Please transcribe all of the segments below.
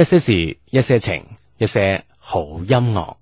一些事，一些情，一些好音樂。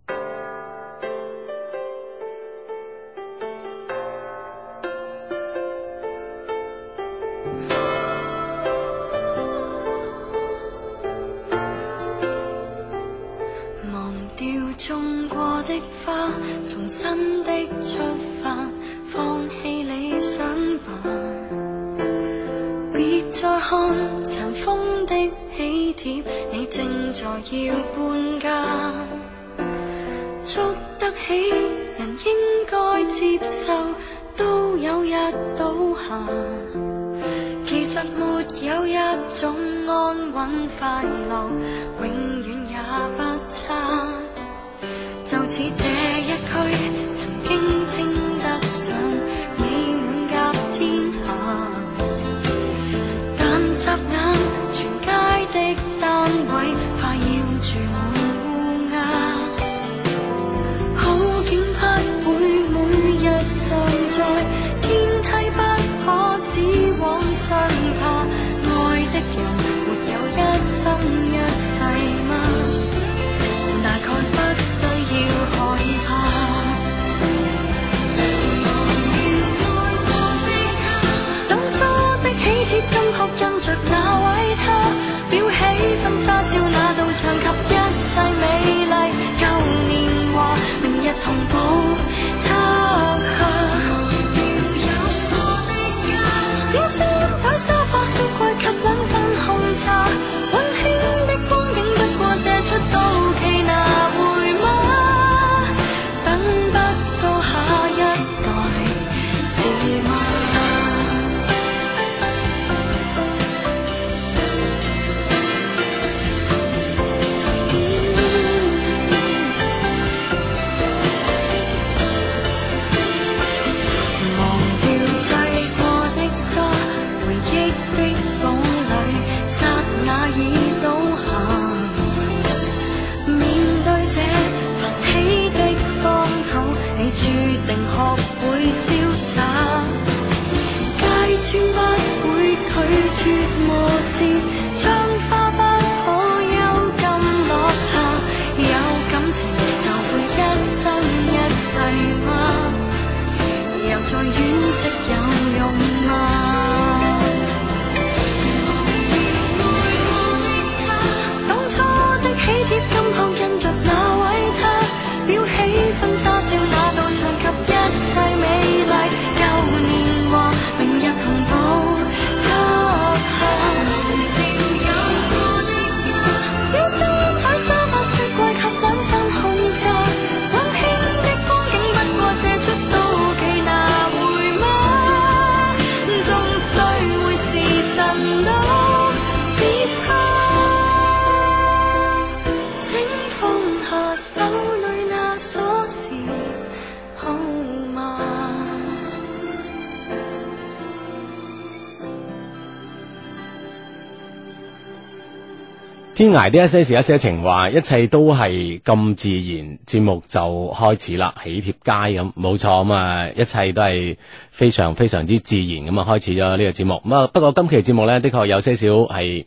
天涯啲一些事、一些情話，話一切都係咁自然。節目就開始啦，喜帖街咁，冇錯咁啊！一切都係非常非常之自然咁啊，開始咗呢個節目。咁啊，不過今期節目呢，的確有些少係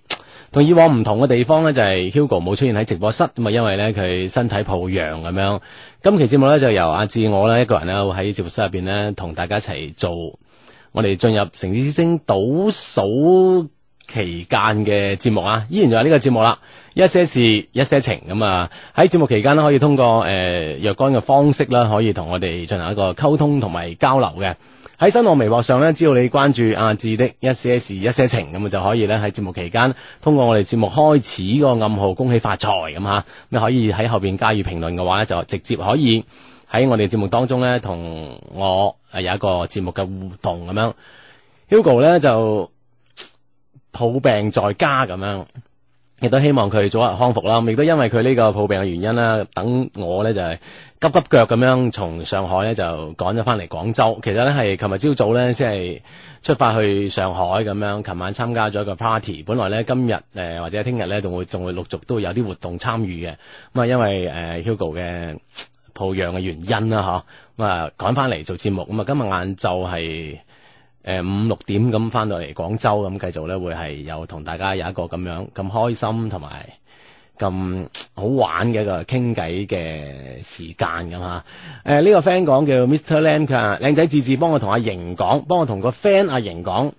同以往唔同嘅地方呢，就係 Hugo 冇出現喺直播室咁啊，因為呢佢身體抱恙咁樣。今期節目呢，就由阿志我呢，一個人咧，會喺節目室入邊呢，同大家一齊做，我哋進入城市之星倒數。期間嘅節目啊，依然就係呢個節目啦。一些事，一些情，咁啊喺節目期間咧，可以通過誒、呃、若干嘅方式啦，可以同我哋進行一個溝通同埋交流嘅。喺新浪微博上呢，只要你關注阿志、啊、的一些事、一些情，咁就可以咧喺節目期間通過我哋節目開始呢個暗號，恭喜發財咁吓、啊。你可以喺後邊加以評論嘅話呢，就直接可以喺我哋節目當中呢，同我誒、啊、有一個節目嘅互動咁樣。Hugo 呢，就。抱病在家咁樣，亦都希望佢早日康復啦。亦都因為佢呢個抱病嘅原因啦，等我咧就係、是、急急腳咁樣從上海咧就趕咗翻嚟廣州。其實咧係琴日朝早咧先係出發去上海咁樣，琴晚參加咗一個 party。本來咧今日誒、呃、或者聽日咧仲會仲會陸續都會有啲活動參與嘅。咁啊因為誒、呃、Hugo 嘅抱恙嘅原因啦吓，咁啊趕翻嚟做節目。咁啊今日晏晝係。誒，五六點咁翻到嚟廣州咁，繼續咧會係有同大家有一個咁樣咁開心同埋咁好玩嘅一個傾偈嘅時間咁吓。誒，呢、呃這個 friend 講叫 Mr. Lam 佢啊，靚仔智智幫我同阿瑩講，幫我同個 friend 阿瑩講。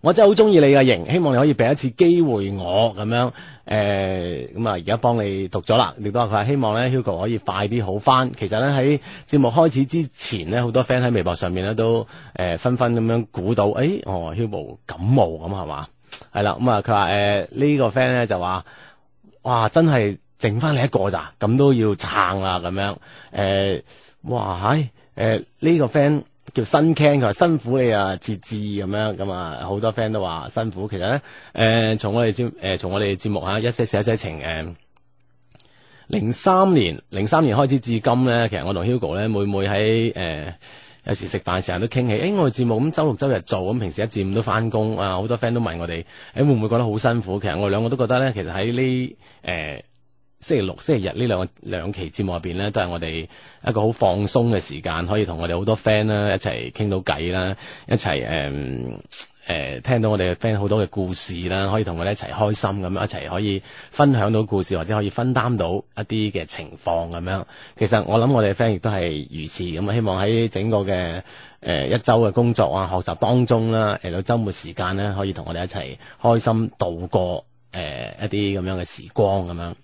我真係好中意你嘅、啊、型，希望你可以俾一次機會我咁樣。誒、呃，咁啊，而家幫你讀咗啦。亦都話佢話希望咧，Hugo 可以快啲好翻。其實咧喺節目開始之前咧，好多 fans 喺微博上面咧都誒紛紛咁樣估到，誒、欸，哦，Hugo 感冒咁係嘛？係啦。咁啊，佢話誒呢個 fans 咧就話，哇，真係剩翻你一個咋，咁都要撐啊，咁樣。誒、呃，哇，係，誒、呃、呢、這個 fans。叫新傾，佢話辛苦你啊，節制咁樣咁啊，好多 friend 都話辛苦。其實咧，誒、呃、從我哋節，誒、呃、從我哋節目嚇、啊、一些事一些情誒。零、呃、三年，零三年開始至今咧，其實我同 Hugo 咧，每每喺誒、呃、有時食飯時間都傾起。誒、欸、我哋節目咁周六周日做，咁平時一至五都翻工啊！好多 friend 都問我哋，誒、欸、會唔會覺得好辛苦？其實我哋兩個都覺得咧，其實喺呢誒。呃星期六、星期日呢兩個兩期節目入邊呢，都係我哋一個好放鬆嘅時間，可以同我哋好多 friend 啦一齊傾到偈啦，一齊誒誒聽到我哋嘅 friend 好多嘅故事啦，可以同我哋一齊開心咁樣一齊可以分享到故事，或者可以分擔到一啲嘅情況咁樣。其實我諗我哋嘅 friend 亦都係如此咁啊。希望喺整個嘅誒、呃、一周嘅工作啊學習當中啦，嚟到周末時間呢，可以同我哋一齊開心度過誒、呃、一啲咁樣嘅時光咁樣。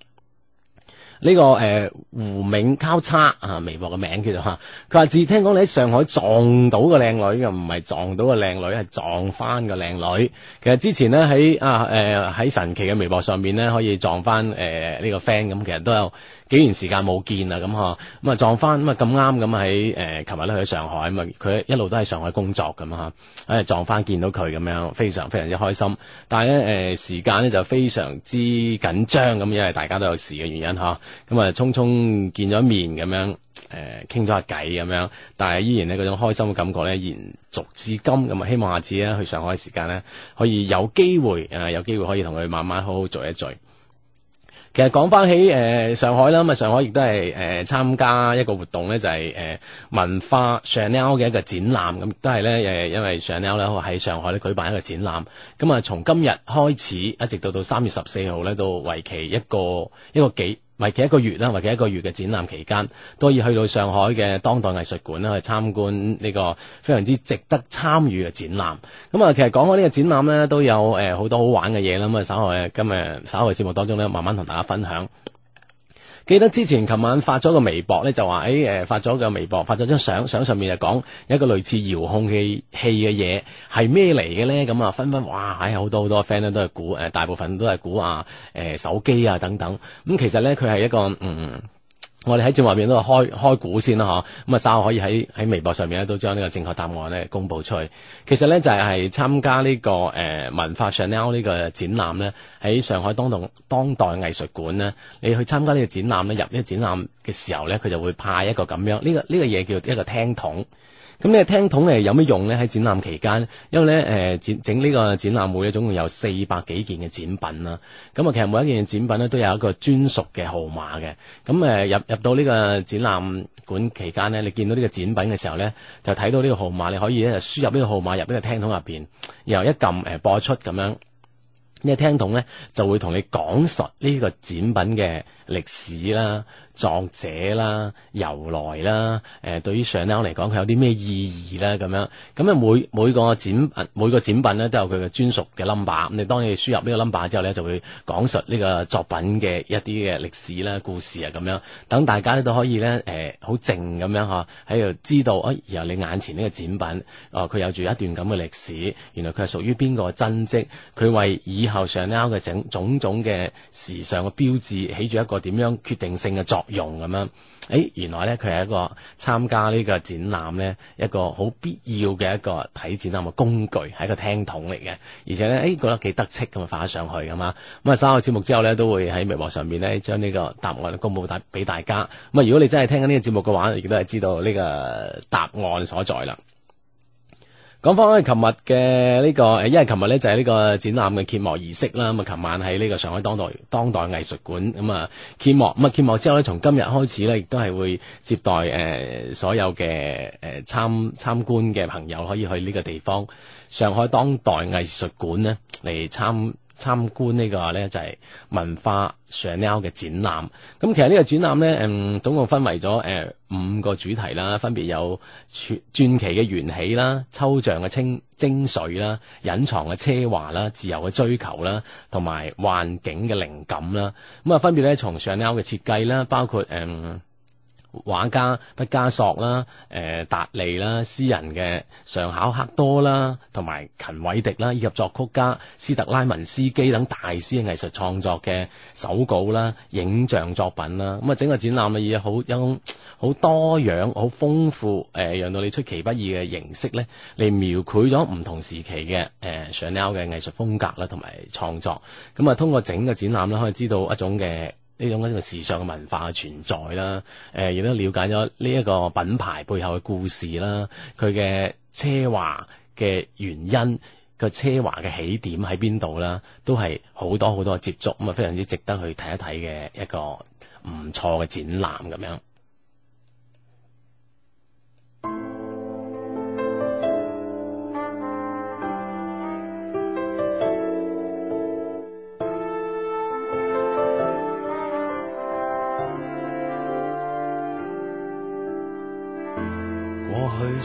呢、這個誒、呃、胡銘交叉啊，微博嘅名叫做嚇，佢話自聽講你喺上海撞到個靚女嘅，又唔係撞到個靚女，係撞返個靚女。其實之前呢，喺啊誒喺、呃、神奇嘅微博上面呢，可以撞返誒呢個 friend 咁，其實都有。幾年時間冇見啦，咁吓，咁啊撞翻咁啊咁啱咁喺誒，琴日咧去上海嘛，佢一路都喺上海工作咁吓，誒撞翻見到佢咁樣，非常非常之開心。但係咧誒，時間咧就非常之緊張咁，因為大家都有事嘅原因嗬，咁啊、呃、匆匆見咗面咁樣，誒傾咗下偈咁樣，但係依然呢，嗰種開心嘅感覺咧延續至今咁啊。希望下次咧去上海嘅時間咧，可以有機會誒、呃，有機會可以同佢慢慢好好聚一聚。其實講翻起誒、呃、上海啦，咁啊上海亦都係誒參加一個活動咧，就係、是、誒、呃、文化 Chanel 嘅一個展覽，咁都係咧誒，因為 Chanel 咧喺上海咧舉辦一個展覽，咁、嗯、啊從今日開始一直到到三月十四號咧，都為期一個一個幾。為期一個月啦，或者一個月嘅展覽期間，都以去到上海嘅當代藝術館啦，去參觀呢個非常之值得參與嘅展覽。咁、嗯、啊，其實講開呢個展覽咧，都有誒好、呃、多好玩嘅嘢啦。咁、嗯、啊，稍後今日稍後嘅節目當中咧，慢慢同大家分享。記得之前琴晚發咗個微博咧，就話誒、欸、呃，發咗個微博，發咗張相，相上面就講一個類似遙控器器嘅嘢係咩嚟嘅咧？咁啊，紛紛哇，唉、欸，好多好多 friend 咧都係估，誒、呃，大部分都係估、呃、啊，誒，手機啊等等。咁、嗯、其實咧，佢係一個嗯。我哋喺節目入面都開開估先啦，吓，咁啊，稍後可以喺喺微博上面咧，都將呢個正確答案咧公布出去。其實咧就係、是、參加呢、這個誒、呃、文化 Chanel 呢個展覽咧，喺上海當代當代藝術館咧，你去參加呢個展覽咧，入呢個展覽嘅時候咧，佢就會派一個咁樣呢、這個呢、這個嘢叫一個聽筒。咁呢個聽筒係有咩用咧？喺展覽期間，因為咧誒整整呢、呃、個展覽會，總共有四百幾件嘅展品啦。咁、嗯、啊，其實每一件展品咧都有一個專屬嘅號碼嘅。咁、嗯、誒、呃、入入到呢個展覽館期間咧，你見到呢個展品嘅時候咧，就睇到呢個號碼，你可以咧輸入呢個號碼入呢個聽筒入邊，然後一撳誒、呃、播出咁樣，呢、這個聽筒咧就會同你講述呢個展品嘅、歷史啦、作者啦、由來啦，誒、呃、對於上 Now 嚟講，佢有啲咩意義咧？咁樣咁啊，每個每個展品每個展品咧都有佢嘅專屬嘅 number。咁你當你輸入呢個 number 之後咧，就會講述呢個作品嘅一啲嘅歷史啦、故事啊咁樣。等大家咧都可以咧誒，好、呃、靜咁樣呵，喺度知道，哎、啊，然後你眼前呢個展品，哦、啊，佢有住一段咁嘅歷史，原來佢係屬於邊個真跡，佢為以後上 Now 嘅整種種嘅時尚嘅標誌起住一個。個點樣決定性嘅作用咁樣？誒，原來咧佢係一個參加呢個展覽咧一個好必要嘅一個睇展覽嘅工具，係一個聽筒嚟嘅。而且咧，誒覺得幾得戚咁啊，發上去咁啊。咁、嗯、啊，三個節目之後咧，都會喺微博上邊咧將呢個答案公布俾大家。咁、嗯、啊，如果你真係聽緊呢個節目嘅話，亦都係知道呢個答案所在啦。講翻我哋琴日嘅呢個，誒，因為琴日咧就係、是、呢個展覽嘅揭幕儀式啦。咁啊，琴晚喺呢個上海當代當代藝術館咁啊揭幕。咁啊揭幕之後咧，從今日開始咧，亦都係會接待誒、呃、所有嘅誒、呃、參參觀嘅朋友，可以去呢個地方上海當代藝術館呢嚟參參觀呢個咧就係文化 Chanel 嘅展覽，咁其實呢個展覽咧，嗯，總共分為咗誒五個主題啦，分別有傳傳奇嘅緣起啦、抽象嘅精精髓啦、隱藏嘅奢華啦、自由嘅追求啦，同埋幻境嘅靈感啦，咁啊分別咧喺從 Chanel 嘅設計啦，包括誒。嗯畫家畢加索啦、誒、呃、達利啦、詩人嘅尚考克多啦、同埋勤偉迪啦，以及作曲家斯特拉文斯基等大師嘅藝術創作嘅手稿啦、影像作品啦，咁啊整個展覽嘅嘢好一好多樣、好豐富，誒讓到你出其不意嘅形式咧，嚟描繪咗唔同時期嘅 Chanel 嘅藝術風格啦，同埋創作。咁啊，通過整個展覽咧，可以知道一種嘅。呢種呢個嘅時尚嘅文化嘅存在啦，誒亦都了解咗呢一個品牌背後嘅故事啦，佢嘅奢華嘅原因，個奢華嘅起點喺邊度啦，都係好多好多嘅接觸，咁啊非常之值得去睇一睇嘅一個唔錯嘅展覽咁樣。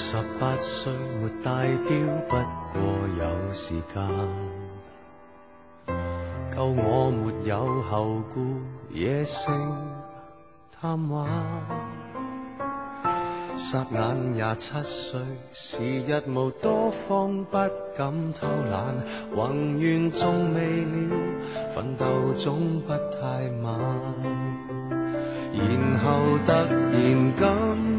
十八歲沒帶錶，不過有時間，夠我沒有後顧，野性貪玩。霎眼廿七歲，時日無多方，方不敢偷懶，宏願仲未了，奮鬥總不太晚。然後突然間。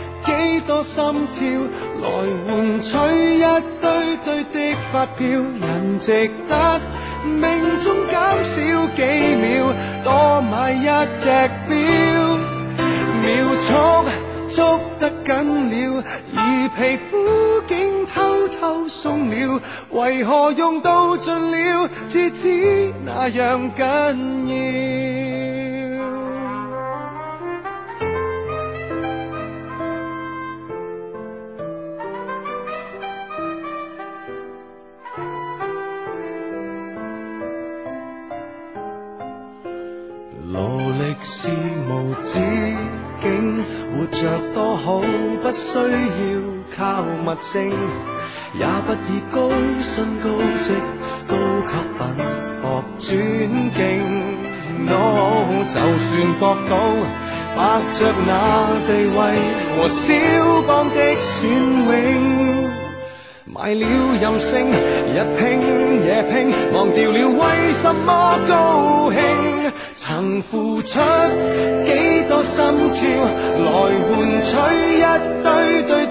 幾多心跳來換取一堆堆的發票？人值得命中減少幾秒，多買一隻錶。秒速捉得緊了，而皮膚竟偷偷鬆了，為何用到盡了，至知那樣緊要？物證也不以高薪高職高級品搏尊敬。我、no, 就算搏到伯爵那地位和肖邦的雋永，賣了任性，日拼夜拼，忘掉了為什麼高興，曾付出幾多心跳，來換取一堆堆。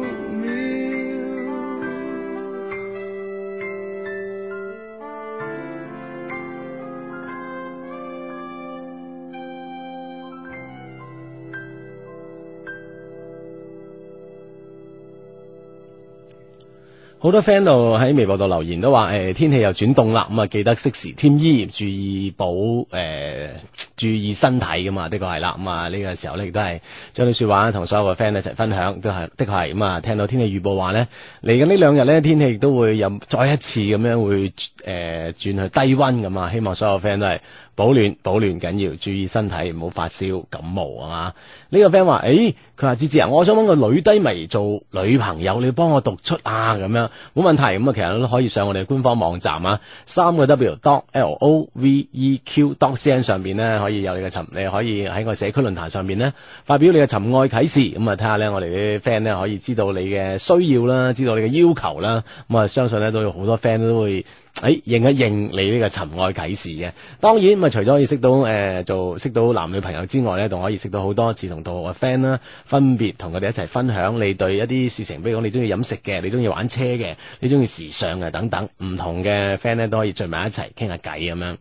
好多 friend 喺微博度留言都話，誒、欸、天氣又轉凍啦，咁、嗯、啊記得適時添衣，注意保誒、呃、注意身體噶嘛，的確係啦，咁啊呢個時候呢，亦都係將啲說話同所有嘅 friend 一齊分享，都係的確係，咁、嗯、啊聽到天氣預報話呢，嚟緊呢兩日呢，天氣都會有再一次咁樣會誒轉、呃、去低溫噶嘛，希望所有嘅 friend 都係。保暖保暖緊要，注意身體，唔好發燒感冒啊！嘛呢個 friend 話，誒，佢話智智啊，我想揾個女低眉做女朋友，你幫我讀出啊咁樣，冇問題咁啊、嗯！其實都可以上我哋嘅官方網站啊，三個 W D O L O V E Q C N 上邊呢，可以有你嘅尋，你可以喺個社區論壇上邊呢發表你嘅尋愛啟事。咁啊睇下呢我哋啲 friend 呢，可以知道你嘅需要啦，知道你嘅要求啦，咁、嗯、啊、嗯、相信呢都有好多 friend 都會。誒，認一認你呢個尋愛啟示嘅，當然咪除咗可以識到誒做識到男女朋友之外呢，仲可以識到好多志同道合嘅 friend 啦。分別同佢哋一齊分享你對一啲事情，比如講你中意飲食嘅，你中意玩車嘅，你中意時尚嘅等等，唔同嘅 friend 咧都可以聚埋一齊傾下偈咁樣。呢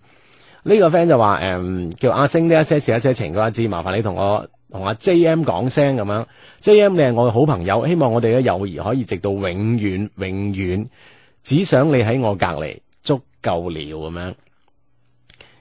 個 friend 就話誒，叫阿星呢，一些事一些情嘅話，只麻煩你同我同阿 J M 講聲咁樣。J M 你係我嘅好朋友，希望我哋嘅友誼可以直到永遠永遠。只想你喺我隔籬。足夠了咁樣。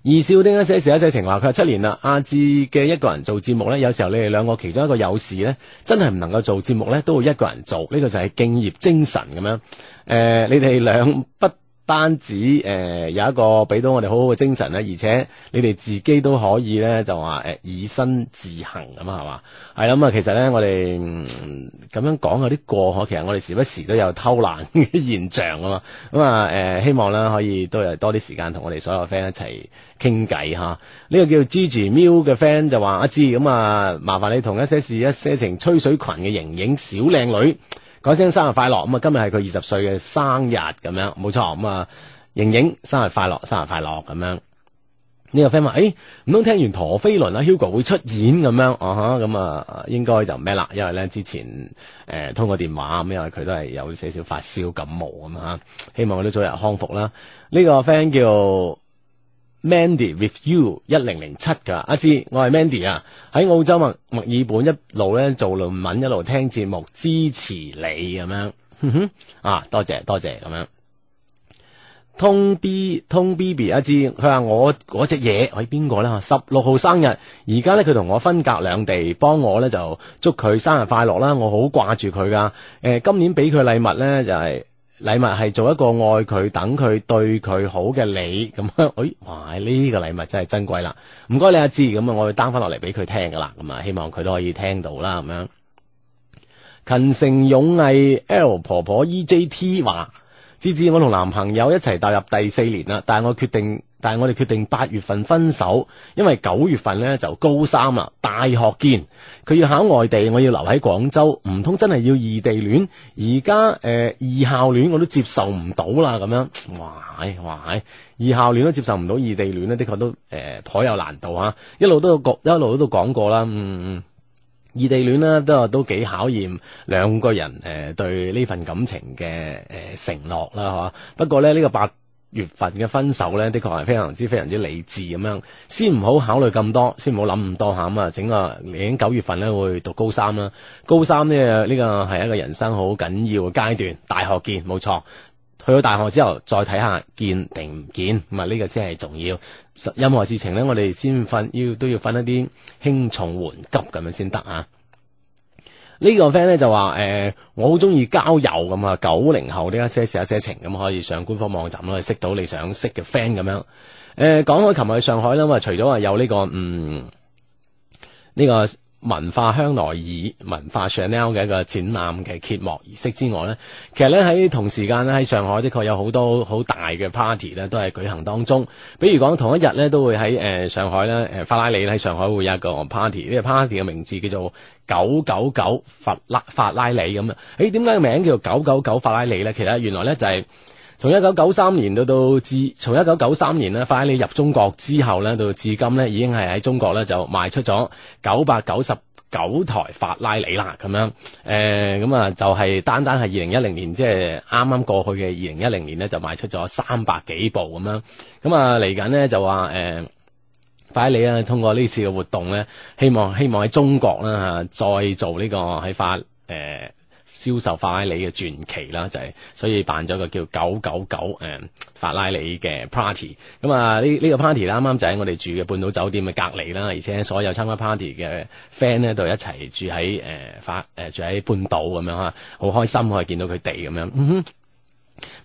二少丁解寫成一世情話？佢話七年啦，阿志嘅一個人做節目咧，有時候你哋兩個其中一個有事咧，真係唔能夠做節目咧，都會一個人做。呢、這個就係敬業精神咁樣。誒、呃，你哋兩不。單止誒、呃、有一個俾到我哋好好嘅精神咧，而且你哋自己都可以咧就話誒、呃、以身自行。咁啊，係嘛？係咁啊，其實咧我哋咁、嗯、樣講有啲過呵，其實我哋時不時都有偷懶嘅現象啊嘛。咁啊誒，希望啦可以都有多啲時間同我哋所有 friend 一齊傾偈嚇。呢、呢個叫、啊、Gigi Miu 嘅 friend 就話阿知咁啊，麻煩你同一些事一些情吹水群嘅盈盈小靚女，講聲生日快樂，咁啊今日係佢二十歲嘅生日，咁樣冇錯，咁啊盈盈生日快樂，生日快樂，咁樣呢、這個 friend 話，誒、欸，唔通聽完陀飛輪啦、啊、，Hugo 會出現，咁樣哦，哈、uh，咁、huh, 啊應該就咩啦？因為咧之前誒、呃、通過電話，咁因為佢都係有少少發燒感冒咁啊，希望佢都早日康復啦。呢、這個 friend 叫。Mandy with you 一零零七噶阿芝，我係 Mandy 啊，喺澳洲墨墨爾本一路咧做論文，一路聽節目支持你咁樣，呵呵啊多謝多謝咁樣。通 B 通 B B 阿芝，佢話、啊、我嗰隻嘢喺邊個咧？十六號生日，而家咧佢同我分隔兩地，幫我咧就祝佢生日快樂啦！我好掛住佢噶，誒、呃，今年俾佢禮物咧就係、是。禮物係做一個愛佢、等佢、對佢好嘅你，咁，誒，哇！呢、這個禮物真係珍貴啦，唔該你阿志，咁啊，我會 down 翻落嚟俾佢聽噶啦，咁啊，希望佢都可以聽到啦，咁樣。勤誠勇毅 L 婆婆 EJT 話：芝芝，我同男朋友一齊踏入第四年啦，但係我決定。但係我哋決定八月份分手，因為九月份呢就高三啦，大學見佢要考外地，我要留喺廣州，唔通真係要異地戀？而家誒，異、呃、校戀我都接受唔到啦，咁樣哇唉哇異校戀都接受唔到，異地戀呢，的確都誒頗、呃、有難度啊。一路都講一路都都講過啦，嗯嗯，異地戀呢都都幾考驗兩個人誒、呃、對呢份感情嘅誒、呃、承諾啦吓，不過呢，呢、呢個八。月份嘅分手呢，的確係非常之非常之理智咁樣，先唔好考慮咁多，先唔好諗咁多下咁啊！整個已經九月份呢會讀高三啦，高三呢？呢個係一個人生好緊要嘅階段，大學見冇錯。去到大學之後再睇下見定唔見，咁啊呢個先係重要。任何事情呢，我哋先分要都要分一啲輕重緩急咁樣先得啊。個呢個 friend 咧就話誒、呃，我好中意交友咁啊！九零後呢，家些事一些情咁可以上官方網站咯，識到你想識嘅 friend 咁樣。誒、呃，講開琴日去上海咧，嘛，除咗話有呢、這個嗯呢、這個文化香奈兒文化 Chanel 嘅一個展覽嘅揭幕儀式之外呢，其實咧喺同時間咧喺上海的確有好多好大嘅 party 咧都係舉行當中。比如講同一日咧都會喺誒、呃、上海咧誒法拉利喺上海會有一個 party，呢個 party 嘅名字叫做。九九九法拉法拉利咁啊！誒點解個名叫九九九法拉利呢？其實原來呢，就係從一九九三年到到至，從一九九三年呢，法拉利入中國之後呢，到至今呢，已經係喺中國呢，就賣出咗九百九十九台法拉利啦咁樣。誒咁啊就係單單係二零一零年，即係啱啱過去嘅二零一零年呢，就賣出咗三百幾部咁樣。咁啊嚟緊呢，就話誒。呃法拉利啊！通過呢次嘅活動咧，希望希望喺中國啦吓、啊，再做呢、這個喺法誒銷、呃、售法拉利嘅傳奇啦，就係、是、所以辦咗個叫九九九誒法拉利嘅 party、啊。咁啊呢呢個 party 啱啱就喺我哋住嘅半島酒店嘅隔籬啦，而且所有參加 party 嘅 friend 咧，都一齊住喺誒法誒住喺半島咁樣吓，好、啊、開心可以見到佢哋咁樣。嗯哼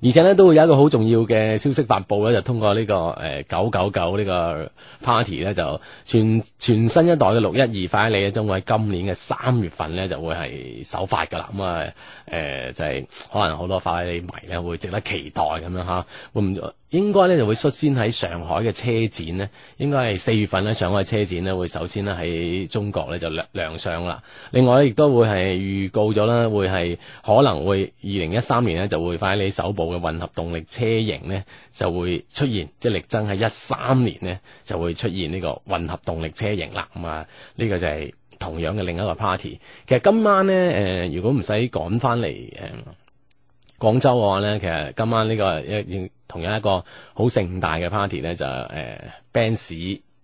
而且呢，都會有一個好重要嘅消息發佈咧，就通過呢、這個誒九九九呢個 party 咧，就全全新一代嘅六一二法拉利呢將會喺今年嘅三月份呢就會係首發噶啦。咁啊誒就係、是、可能好多法拉利迷咧會值得期待咁樣吓，咁、啊。會應該咧就會率先喺上海嘅車展呢，應該係四月份咧，上海車展呢會首先咧喺中國咧就亮亮相啦。另外咧亦都會係預告咗啦，會係可能會二零一三年呢就會快你首部嘅混合動力車型呢就會出現，即係力爭喺一三年呢就會出現呢個混合動力車型啦。咁、嗯、啊，呢、呢個就係同樣嘅另一個 party。其實今晚呢，誒、呃，如果唔使趕翻嚟誒。呃廣州嘅話呢，其實今晚呢、這個同樣一個好盛大嘅 party 咧，就係、是呃、Benz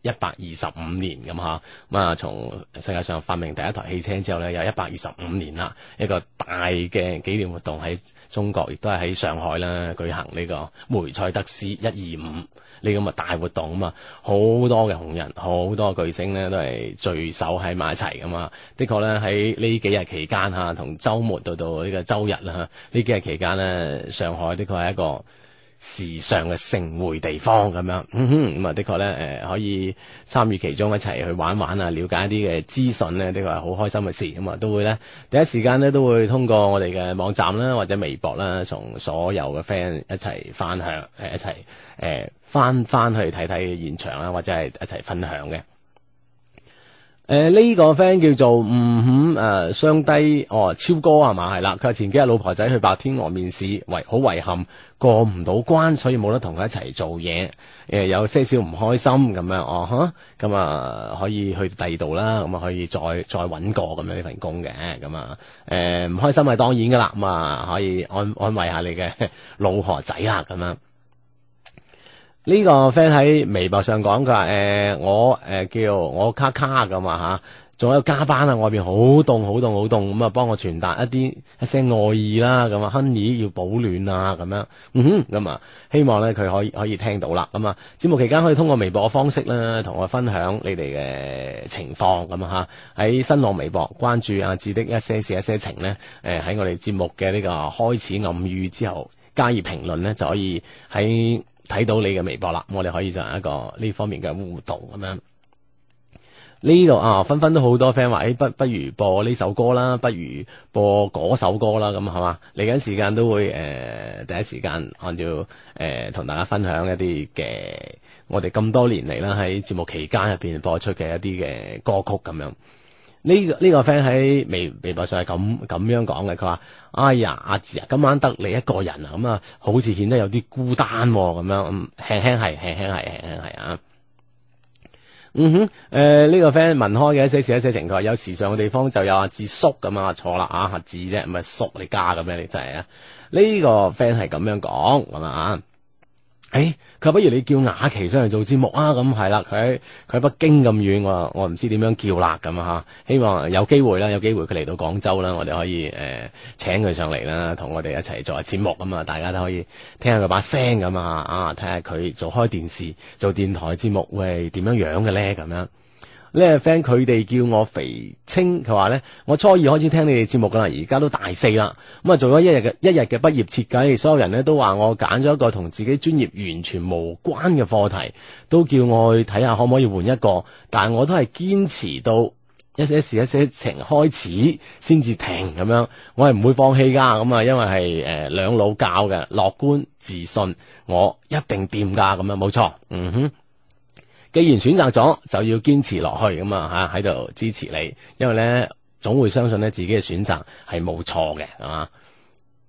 一百二十五年咁嚇，咁啊從世界上發明第一台汽車之後呢，有一百二十五年啦，一個大嘅紀念活動喺中國，亦都係喺上海啦舉行呢個梅賽德斯一二五。呢咁嘅大活動啊嘛，好多嘅紅人，好多巨星呢都係聚首喺埋一齊㗎嘛。的確咧喺呢幾日期間嚇，同週末到到呢個周日啦，呢幾日期間呢，上海的確係一個。時尚嘅盛會地方咁樣，咁、嗯、啊，的確咧，誒、呃、可以參與其中一齊去玩玩啊，了解一啲嘅資訊呢，呢個係好開心嘅事。咁、嗯、啊，都會咧第一時間咧都會通過我哋嘅網站啦，或者微博啦，同所有嘅 friend 一齊分享，誒、呃、一齊誒、呃、翻翻去睇睇現場啊，或者係一齊分享嘅。誒，呢、呃，這個 friend 叫做五五。誒，雙、嗯、呃、低哦，超哥係嘛？係啦。佢話前幾日老婆仔去白天鵝面試，遺好遺憾，過唔到關，所以冇得同佢一齊做嘢，誒、呃，有些少唔開心咁樣哦，咁啊可以去第二度啦，咁啊可以再再揾過，咁樣呢份工嘅，咁啊，誒、唔、呃、開心係當然噶啦，咁啊可以安安慰下你嘅老婆仔啦、啊、咁樣、啊。呢個 friend 喺微博上講，佢話：誒、呃，我誒、呃、叫我卡卡噶嘛吓，仲有加班啊，外邊好凍，好凍，好凍，咁啊，幫我傳達一啲一些愛意啦，咁啊，Honey 要保暖啊，咁樣，嗯哼，咁啊，希望咧佢可以可以聽到啦，咁啊，節目期間可以通過微博嘅方式咧，同我分享你哋嘅情況咁吓，喺新浪微博關注阿、啊、志的一些事、一些情呢，誒、呃，喺我哋節目嘅呢個開始暗語之後，加以評論呢，就可以喺。睇到你嘅微博啦，我哋可以進行一個呢方面嘅互動咁樣。呢度啊，紛、哦、紛都好多 friend 話，誒、欸，不不如播呢首歌啦，不如播嗰首歌啦，咁係嘛？嚟緊時間都會誒、呃，第一時間按照誒，同、呃、大家分享一啲嘅我哋咁多年嚟啦，喺節目期間入邊播出嘅一啲嘅歌曲咁樣。呢個呢個 friend 喺微微博上係咁咁樣講嘅，佢話：哎呀，阿志啊，今晚得你一個人啊，咁、嗯、啊，好似顯得有啲孤單咁、哦、樣、嗯，輕輕係，輕輕係，輕輕係啊。嗯哼，誒、呃，呢、呢個 friend 文開嘅寫寫寫情佢話，有時尚嘅地方就有阿志叔咁啊，錯啦啊，阿志啫，唔係叔你家嘅咩？你真、就、係、是這個、啊，呢個 friend 係咁樣講咁啊，誒。佢不如你叫雅琪上嚟做節目啊！咁係啦，佢佢喺北京咁遠，我我唔知點樣叫啦咁啊！希望有機會啦，有機會佢嚟到廣州啦，我哋可以誒、呃、請佢上嚟啦，同我哋一齊做下節目咁啊！大家都可以聽下佢把聲咁啊！啊，睇下佢做開電視做電台節目會係點樣樣嘅咧咁樣。啊呢個 friend 佢哋叫我肥青，佢話呢：「我初二開始聽你哋節目噶啦，而家都大四啦，咁啊做咗一日嘅一日嘅畢業設計，所有人呢都話我揀咗一個同自己專業完全無關嘅課題，都叫我去睇下可唔可以換一個，但係我都係堅持到一些事、一些情開始先至停咁樣，我係唔會放棄噶，咁啊因為係誒、呃、兩老教嘅樂觀自信，我一定掂噶，咁樣冇錯，嗯哼。既然選擇咗，就要堅持落去咁啊！嚇喺度支持你，因為咧總會相信咧自己嘅選擇係冇錯嘅，係嘛？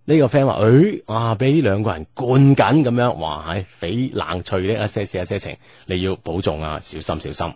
呢個 friend 話誒哇，俾兩個人灌緊咁樣哇，係、哎、翡冷翠啲，一些事一些情，你要保重啊，小心小心。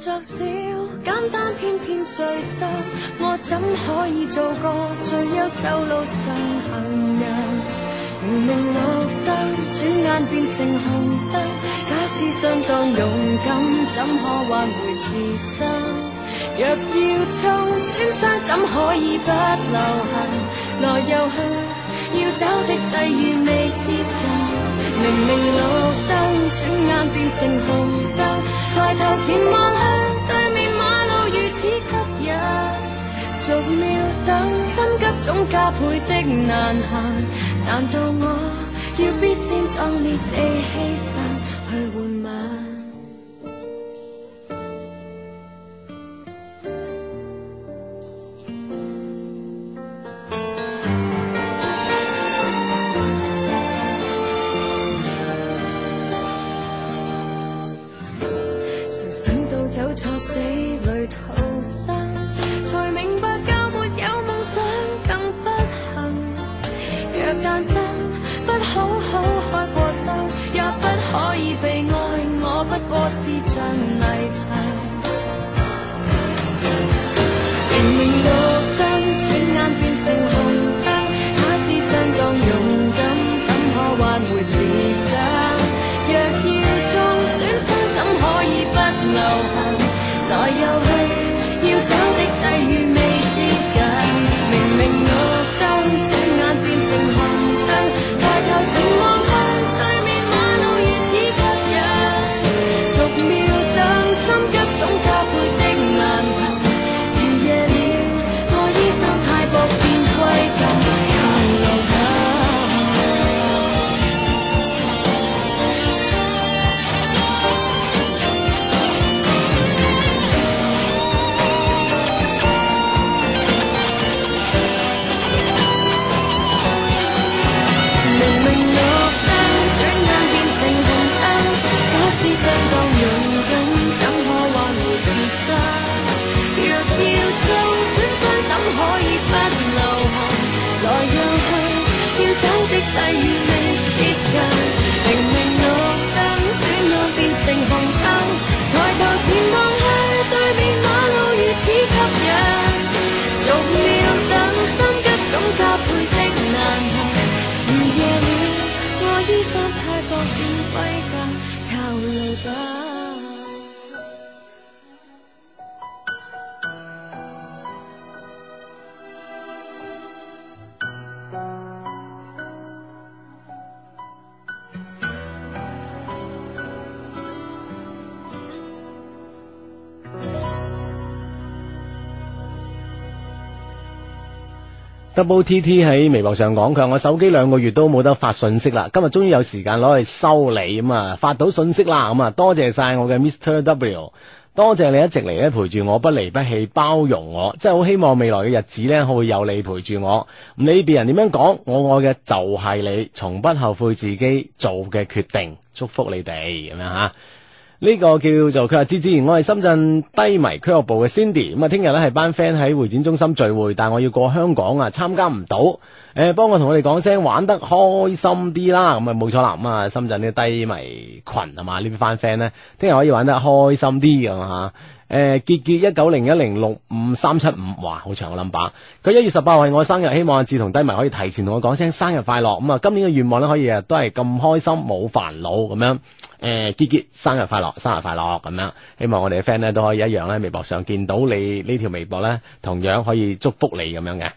作小簡單，偏偏最深。我怎可以做個最優秀路上行人？明明綠燈，轉眼變成紅燈。假使相當勇敢，怎可挽回遲生？若要衝，損傷，怎可以不留痕？來又去，要找的際遇未接近。明明綠燈，轉眼變成紅燈。抬頭前望向對面馬路，如此吸引。逐秒等，心急總加倍的難行。難道我要必先壯烈地犧牲，上去換吻？WTT 喺微博上講，佢話我手機兩個月都冇得發信息啦，今日終於有時間攞去修理咁啊，發到信息啦咁啊，多謝晒我嘅 Mr. W，多謝你一直嚟，咧陪住我不離不棄包容我，真係好希望未來嘅日子呢，會有你陪住我。唔理別人點樣講，我愛嘅就係你，從不後悔自己做嘅決定。祝福你哋咁樣吓。嗯呢個叫做佢話志志我係深圳低迷俱樂部嘅 Cindy。咁、嗯、啊，聽日呢係班 friend 喺會展中心聚會，但係我要過香港啊，參加唔到，誒、呃，幫我同佢哋講聲玩得開心啲啦，咁啊冇錯啦，咁、嗯、啊深圳啲低迷群啊嘛呢班 friend 呢，聽日可以玩得開心啲咁啊吓，誒、嗯，傑傑一九零一零六五三七五，哇，好長個 number，佢一月十八號係我生日，希望志同低迷可以提前同我講聲生日快樂，咁、嗯、啊，今年嘅願望呢，可以啊都係咁開心冇煩惱咁樣。誒，傑傑、呃、生日快樂，生日快樂咁樣，希望我哋嘅 friend 咧，都可以一樣咧，微博上見到你呢條微博咧，同樣可以祝福你咁樣嘅。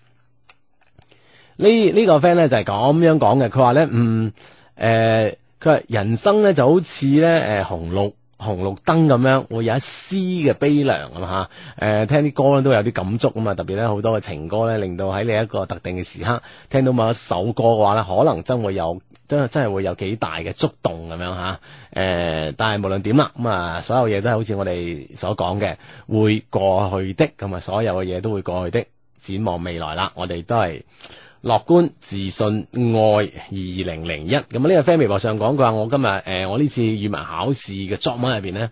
這個、呢、就是、呢個 friend 咧就係咁樣講嘅，佢話咧，嗯，誒、呃，佢話人生咧就好似咧，誒、呃、紅綠紅綠燈咁樣，會有一絲嘅悲涼啊吓。誒、呃，聽啲歌咧，都有啲感觸啊嘛，特別咧，好多嘅情歌咧，令到喺你一個特定嘅時刻聽到某一首歌嘅話咧，可能真會有。都真真係會有幾大嘅觸動咁樣吓，誒、嗯，但係無論點啦，咁啊，所有嘢都係好似我哋所講嘅，會過去的，咁啊，所有嘅嘢都會過去的。展望未來啦，我哋都係樂觀、自信、愛二零零一。咁啊、嗯，呢個 friend 微博上講佢話，我今日誒、呃，我呢次語文考試嘅作文入邊呢，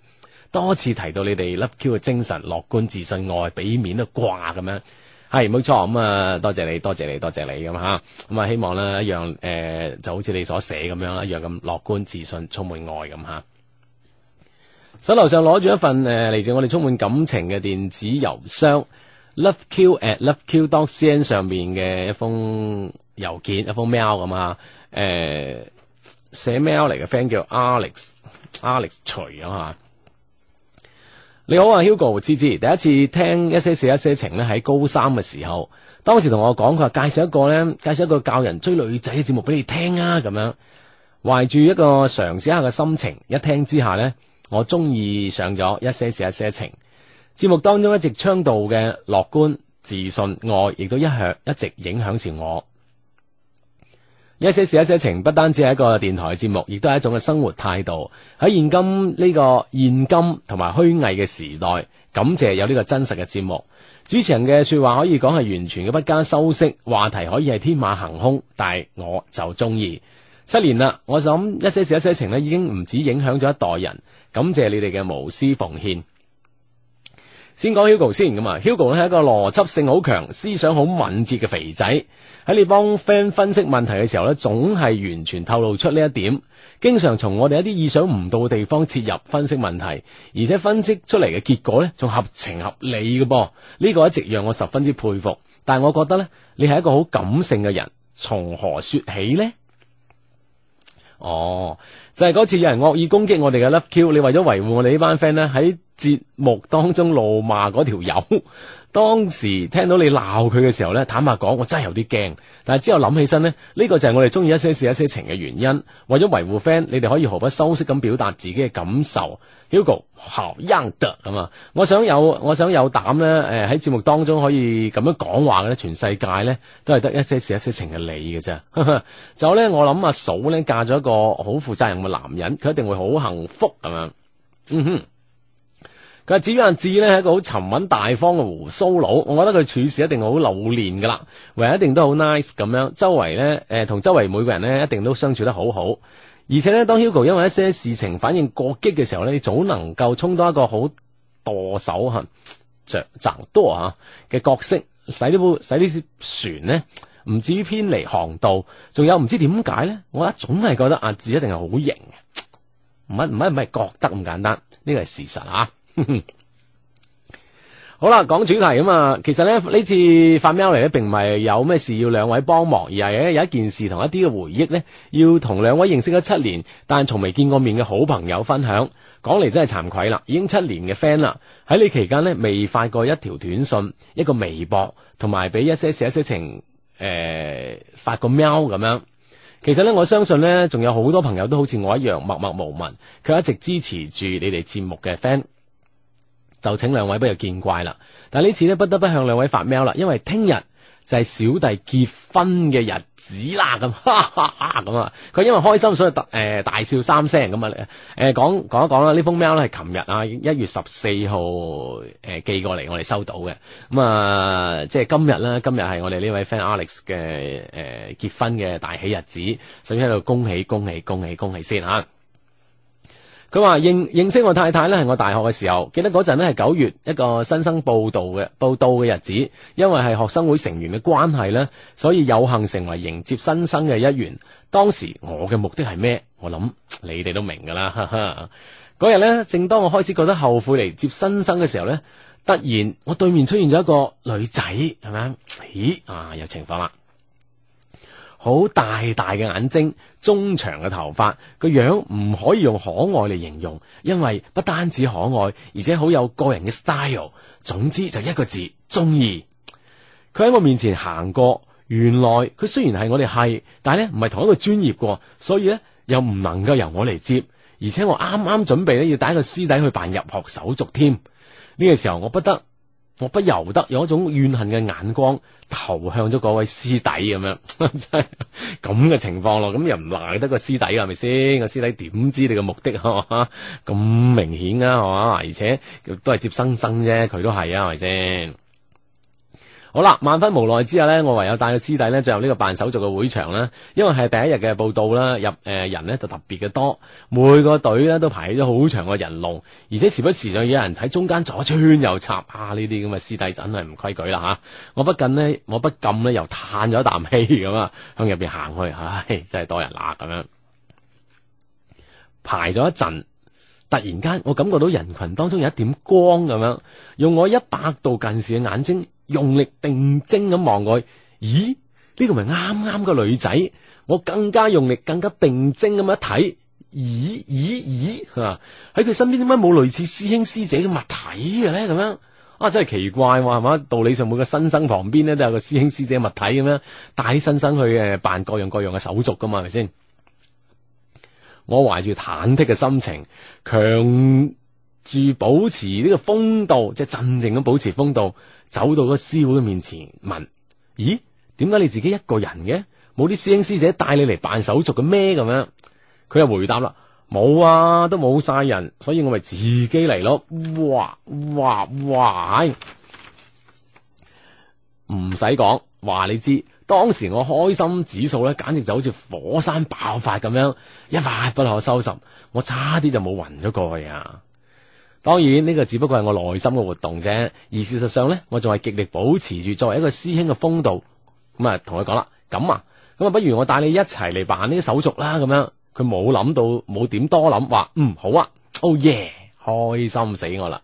多次提到你哋粒 Q 嘅精神、樂觀、自信、愛，俾面都掛咁樣。係冇錯，咁啊、嗯、多謝你，多謝你，多謝你咁吓，咁、嗯、啊希望咧，一樣誒、呃，就好似你所寫咁樣一樣咁樂觀、自信、充滿愛咁吓、嗯。手頭上攞住一份誒嚟、呃、自我哋充滿感情嘅電子郵箱 loveq at loveq dot cn 上面嘅一封郵件，一封 mail 咁啊，誒、嗯，寫 mail 嚟嘅 friend 叫 Alex，Alex 徐啊嘛。嗯你好啊，Hugo 芝芝，第一次聽一些事一些情咧，喺高三嘅時候，當時同我講，佢話介紹一個咧，介紹一個教人追女仔嘅節目俾你聽啊，咁樣，懷住一個嘗試下嘅心情，一聽之下咧，我中意上咗一些事一些情節目當中一直倡導嘅樂觀、自信、愛，亦都一向一直影響住我。一些事一些情，不單止係一個電台節目，亦都係一種嘅生活態度。喺現今呢個現今同埋虛偽嘅時代，感謝有呢個真實嘅節目。主持人嘅說話可以講係完全嘅不加修飾，話題可以係天馬行空，但係我就中意。七年啦，我諗一些事一些情咧，已經唔止影響咗一代人。感謝你哋嘅無私奉獻。先講 Hugo 先咁啊，Hugo 係一個邏輯性好強、思想好敏捷嘅肥仔。喺你幫 friend 分析問題嘅時候呢，總係完全透露出呢一點。經常從我哋一啲意想唔到嘅地方切入分析問題，而且分析出嚟嘅結果呢，仲合情合理嘅噃。呢個一直讓我十分之佩服。但係我覺得呢，你係一個好感性嘅人，從何說起呢？哦，就係、是、嗰次有人惡意攻擊我哋嘅 love q，你為咗維護我哋呢班 friend 咧，喺節目當中怒罵嗰條友。當時聽到你鬧佢嘅時候咧，坦白講，我真係有啲驚。但係之後諗起身呢，呢個就係我哋中意一些事、一些情嘅原因。為咗維護 friend，你哋可以毫不修飾咁表達自己嘅感受。Hugo，好 young 咁啊！我想有，我想有膽咧，誒喺節目當中可以咁樣講話嘅咧，全世界咧都係得一些事、一些情嘅你嘅啫。 就咧，我諗阿嫂咧嫁咗一個好負責任嘅男人，佢一定會好幸福咁樣。嗯哼。佢話至於阿志咧係一個好沉穩大方嘅鬍鬚佬，我覺得佢處事一定好老練噶啦，為人一定都好 nice 咁樣，周圍呢，誒、呃、同周圍每個人呢，一定都相處得好好，而且呢，當 Hugo 因為一些事情反應過激嘅時候呢，你總能夠充當一個好舵手吓，賺多吓嘅角色，使呢部使呢啲船呢，唔至於偏離航道，仲有唔知點解呢，我總係覺得阿志一定係好型嘅，唔係唔係唔係覺得咁簡單，呢個係事實啊！ 好啦，講主題啊嘛。其實咧呢次發喵嚟咧，並唔係有咩事要兩位幫忙，而係有一件事同一啲嘅回憶呢要同兩位認識咗七年但從未見過面嘅好朋友分享。講嚟真係慚愧啦，已經七年嘅 friend 啦，喺呢期間呢未發過一條短信，一個微博，同埋俾一些事一些情誒、呃、發個喵咁樣。其實呢，我相信呢仲有好多朋友都好似我一樣默默無聞，佢一直支持住你哋節目嘅 friend。就請兩位不如見怪啦，但係呢次呢，不得不向兩位發 mail 啦，因為聽日就係小弟結婚嘅日子啦，咁啊咁啊，佢因為開心所以特誒、呃、大笑三聲咁、呃、啊，誒講講一講啦，呢封 mail 咧係琴日啊一月十四號誒寄過嚟我哋收到嘅，咁、嗯呃、啊即係今日咧今日係我哋呢位 friend Alex 嘅誒、呃、結婚嘅大喜日子，首先喺度恭喜恭喜恭喜恭喜先吓、啊。佢話認認識我太太咧，係我大學嘅時候，記得嗰陣咧係九月一個新生報道嘅報道嘅日子。因為係學生會成員嘅關係咧，所以有幸成為迎接新生嘅一員。當時我嘅目的係咩？我諗你哋都明噶啦。哈哈。嗰日呢，正當我開始覺得後悔嚟接新生嘅時候呢，突然我對面出現咗一個女仔，係咪咦，啊？有情況啦。好大大嘅眼睛，中長嘅頭髮，個樣唔可以用可愛嚟形容，因為不單止可愛，而且好有個人嘅 style。總之就一個字，中意。佢喺我面前行過，原來佢雖然係我哋系，但係咧唔係同一個專業嘅，所以咧又唔能夠由我嚟接，而且我啱啱準備咧要帶個師弟去辦入學手續添。呢個時候我不得。我不由得有一種怨恨嘅眼光投向咗嗰位師弟咁樣，呵呵真係咁嘅情況咯。咁又唔賴得個師弟係咪先？個師弟點知你嘅目的係嘛？咁明顯啊，係嘛？而且都係接生生啫，佢都係啊，係咪先？好啦，萬分無奈之下呢，我唯有帶個師弟呢，就入呢個辦手續嘅會場啦。因為係第一日嘅報到啦，入誒、呃、人呢就特別嘅多，每個隊呢都排起咗好長嘅人龍，而且時不時就有人喺中間左穿右插啊，呢啲咁嘅師弟真係唔規矩啦吓、啊。我不禁呢，我不禁呢又嘆咗一啖氣咁啊，向入邊行去，唉、哎，真係多人啦咁樣。排咗一陣，突然間我感覺到人群當中有一點光咁樣，用我一百度近視嘅眼睛。用力定睛咁望佢，咦？呢、這個咪啱啱個女仔？我更加用力，更加定睛咁一睇，咦咦咦！哈！喺、啊、佢身邊點解冇類似師兄師姐嘅物體嘅咧？咁樣啊，真係奇怪喎，係嘛？道理上每個新生旁邊咧都有個師兄師姐物體咁樣帶起新生去誒、呃、辦各樣各樣嘅手續噶嘛，係咪先？我懷住忐忑嘅心情，強住保持呢個風度，即係鎮定咁保持風度。走到嗰師傅嘅面前問：咦，點解你自己一個人嘅？冇啲師兄師姐帶你嚟辦手續嘅咩？咁樣佢又回答啦：冇啊，都冇晒人，所以我咪自己嚟咯。哇哇哇！唔使講，話、哎、你知，當時我開心指數咧，簡直就好似火山爆發咁樣，一發不可收拾，我差啲就冇暈咗過去啊！當然呢個只不過係我內心嘅活動啫，而事實上呢，我仲係極力保持住作為一個師兄嘅風度。咁啊，同佢講啦，咁啊，咁啊，不如我帶你一齊嚟辦呢啲手續啦。咁樣，佢冇諗到，冇點多諗，話，嗯，好啊，oh yeah，開心死我啦。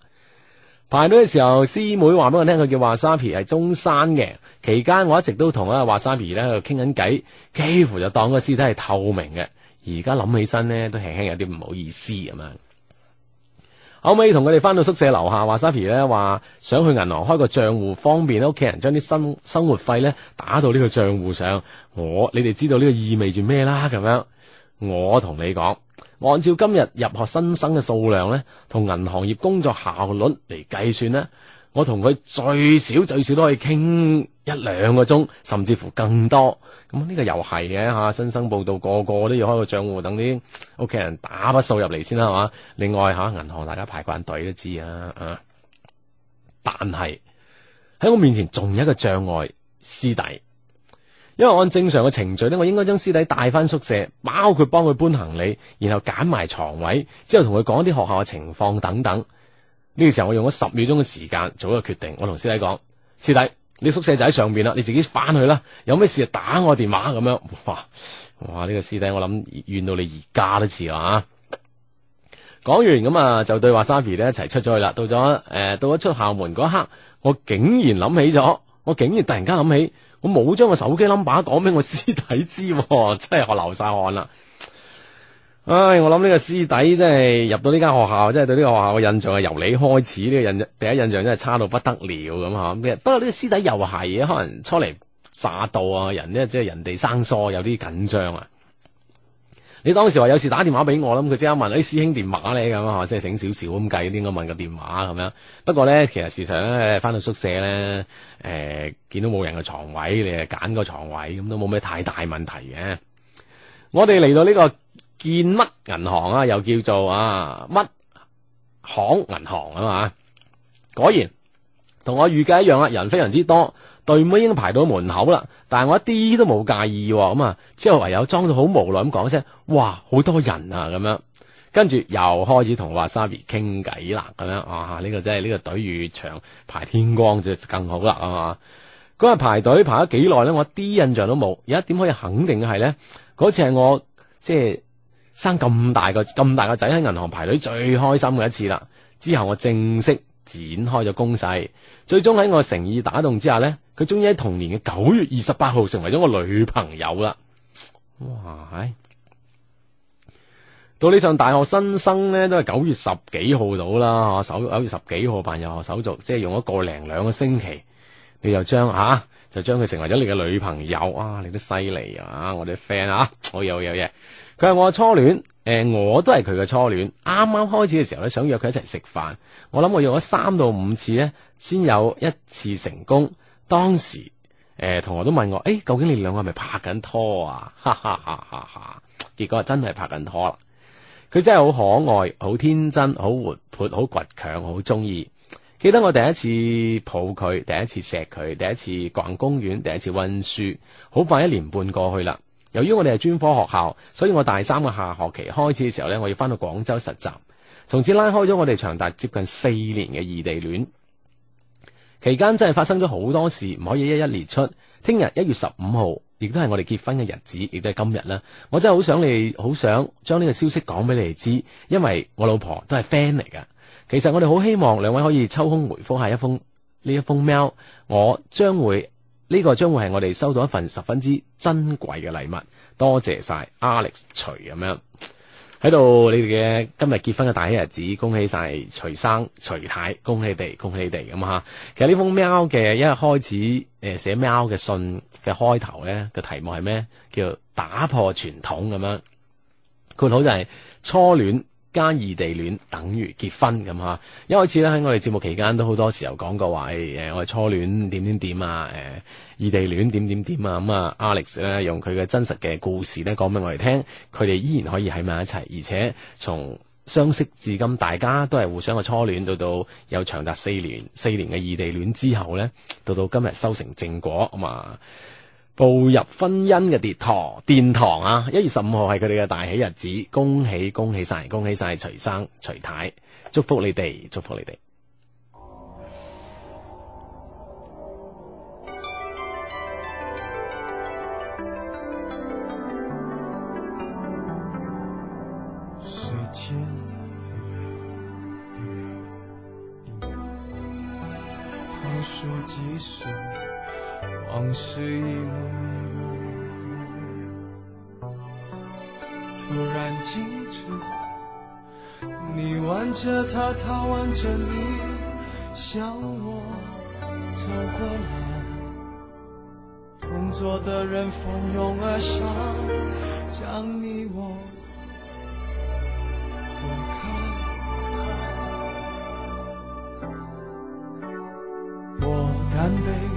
排隊嘅時候，師妹話俾我聽，佢叫華沙皮，係中山嘅。期間我一直都同啊華沙皮咧喺度傾緊偈，幾乎就當個師弟係透明嘅。而家諗起身呢，都輕輕有啲唔好意思咁樣。可唔可以同佢哋翻到宿舍樓下？華沙皮咧話想去銀行開個賬戶，方便屋企人將啲生生活費咧打到呢個賬戶上。我你哋知道呢個意味住咩啦？咁樣我同你講，按照今日入學新生嘅數量咧，同銀行業工作效率嚟計算咧。我同佢最少最少都可以傾一兩個鐘，甚至乎更多。咁、這、呢個又係嘅吓，新生報到個個都要開個賬戶，等啲屋企人打筆數入嚟先啦，係嘛。另外吓，銀行大家排慣隊都知啊。啊，但係喺我面前仲有一個障礙，師弟。因為按正常嘅程序呢，我應該將師弟帶翻宿舍，包括幫佢搬行李，然後揀埋床位，之後同佢講啲學校嘅情況等等。呢個時候我用咗十秒鐘嘅時間做一個決定，我同師弟講：師弟，你宿舍就喺上邊啦，你自己翻去啦。有咩事就打我電話咁樣。哇哇！呢、這個師弟我諗怨到你而家都遲啦。講完咁啊，就對華生兒咧一齊出咗去啦。到咗誒、呃，到咗出校門嗰一刻，我竟然諗起咗，我竟然突然間諗起，我冇將個手機冧把講俾我師弟知，真係我流晒汗啦。唉，我諗呢個師弟真係入到呢間學校，真係對呢個學校嘅印象係由你開始呢、這個印，第一印象真係差到不得了咁吓。不過呢個師弟又係可能初嚟乍到啊，人咧即係人哋生疏，有啲緊張啊。你當時話有事打電話俾我，咁佢即刻問誒、哎、師兄電話咧咁啊，即係醒少少咁計，應該問個電話咁樣。不過咧，其實事實咧翻到宿舍咧，誒、呃、見到冇人嘅床位，你係揀個床位咁都冇咩太大問題嘅。我哋嚟到呢、這個。建乜銀行啊？又叫做啊乜行銀行啊嘛？果然同我預計一樣啊！人非常之多，隊尾已經排到門口啦。但係我一啲都冇介意咁啊，之後唯有裝到好無奈咁講聲，哇，好多人啊！咁樣、啊，跟住又開始同華沙比傾偈啦。咁樣啊，呢、啊這個真係呢、這個隊越長排天光就更好啦、啊。啊嘛，嗰日排隊排咗幾耐咧，我一啲印象都冇。有一點可以肯定係咧，嗰次係我即係。生咁大個咁大個仔喺銀行排隊最開心嘅一次啦！之後我正式展開咗攻勢，最終喺我誠意打動之下呢，佢終於喺同年嘅九月二十八號成為咗我女朋友啦！哇！到你上大學新生呢，都係九月十幾號到啦，我九月十幾號辦入學手續，即係用一個零兩個星期，你又將吓就將佢、啊、成為咗你嘅女朋友啊！你都犀利啊！我啲 friend 啊，好有，好有，嘢。佢係我嘅初戀，誒、呃，我都係佢嘅初戀。啱啱開始嘅時候咧，想約佢一齊食飯。我諗我用咗三到五次咧，先有一次成功。當時，誒、呃，同學都問我，誒、欸，究竟你哋兩個係咪拍緊拖啊？哈,哈哈哈！結果真係拍緊拖啦。佢真係好可愛，好天真，好活潑，好倔強，好中意。記得我第一次抱佢，第一次錫佢，第一次逛公園，第一次温書。好快一年半過去啦。由於我哋係專科學校，所以我大三嘅下學期開始嘅時候呢，我要返到廣州實習，從此拉開咗我哋長達接近四年嘅異地戀。期間真係發生咗好多事，唔可以一一列出。聽日一月十五號，亦都係我哋結婚嘅日子，亦都係今日啦。我真係好想你，好想將呢個消息講俾你哋知，因為我老婆都係 friend 嚟噶。其實我哋好希望兩位可以抽空回復下一封呢一封 mail，我將會。呢個將會係我哋收到一份十分之珍貴嘅禮物，多謝晒 Alex 徐咁樣喺度，你哋嘅今日結婚嘅大喜日子，恭喜晒徐生徐太，恭喜你哋，恭喜你哋咁吓。其實呢封喵嘅，一日開始誒、呃、寫喵嘅信嘅開頭咧嘅題目係咩？叫打破傳統咁樣，括號就係初戀加異地戀等於結婚咁啊！一開始咧喺我哋節目期間都好多時候講過話誒、欸，我哋初戀點點點啊，誒、欸、異地戀點點點啊咁啊。Alex 咧用佢嘅真實嘅故事咧講俾我哋聽，佢哋依然可以喺埋一齊，而且從相識至今，大家都係互相嘅初戀，到到有長達四年四年嘅異地戀之後呢，到到今日收成正果啊步入婚姻嘅殿堂殿堂啊！一月十五號係佢哋嘅大喜日子，恭喜恭喜晒，恭喜晒，徐生徐太，祝福你哋，祝福你哋。時間往事一幕一幕，突然靜止。你挽着他，他挽着你，向我走過來。同座的人蜂擁而上，將你我隔開。我乾杯。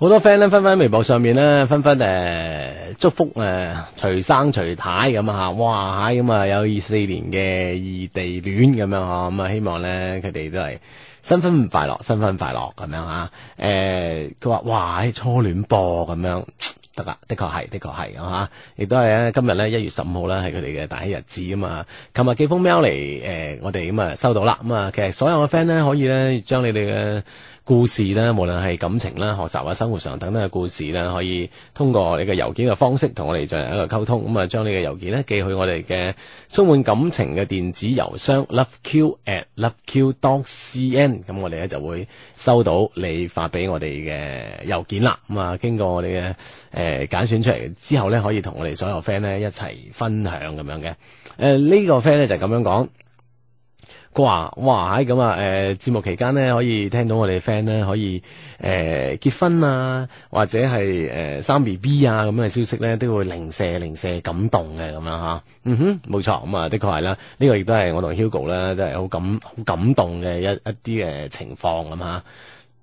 好多 friend 咧，紛紛喺微博上面咧，紛紛誒祝福誒、啊、徐生徐太咁啊吓！哇咁啊，有二四年嘅異地戀咁樣嗬，咁啊希望咧佢哋都係新婚快樂，新婚快樂咁樣吓。誒，佢話哇，初戀噃咁樣得啦，的確係，的確係啊吓。亦都係咧，今日咧一月十五號咧係佢哋嘅大喜日子啊嘛。琴日寄封 mail 嚟，誒、呃，我哋咁啊收到啦。咁啊，其實所有嘅 friend 咧可以咧將你哋嘅。故事啦，無論係感情啦、學習啊、生活上等等嘅故事啦，可以通過你嘅郵件嘅方式同我哋進行一個溝通。咁啊，將你嘅郵件呢寄去我哋嘅充滿感情嘅電子郵箱 loveq@loveq.cn，咁我哋呢就會收到你發俾我哋嘅郵件啦。咁啊，經過我哋嘅誒揀選出嚟之後呢，可以同我哋所有 friend 咧一齊分享咁樣嘅。誒、呃、呢、呢個 friend 咧就係咁樣講。話哇，咁啊，誒、呃，節目期間咧可以聽到我哋 friend 咧可以誒、呃、結婚啊，或者係誒、呃、生 B B 啊咁嘅消息咧，都會零舍零舍感動嘅咁樣吓，嗯哼，冇錯。咁、嗯、啊的確係啦，這個、呢個亦都係我同 Hugo 咧都係好感好感動嘅一一啲嘅、呃、情況咁、這個嗯呃、啊，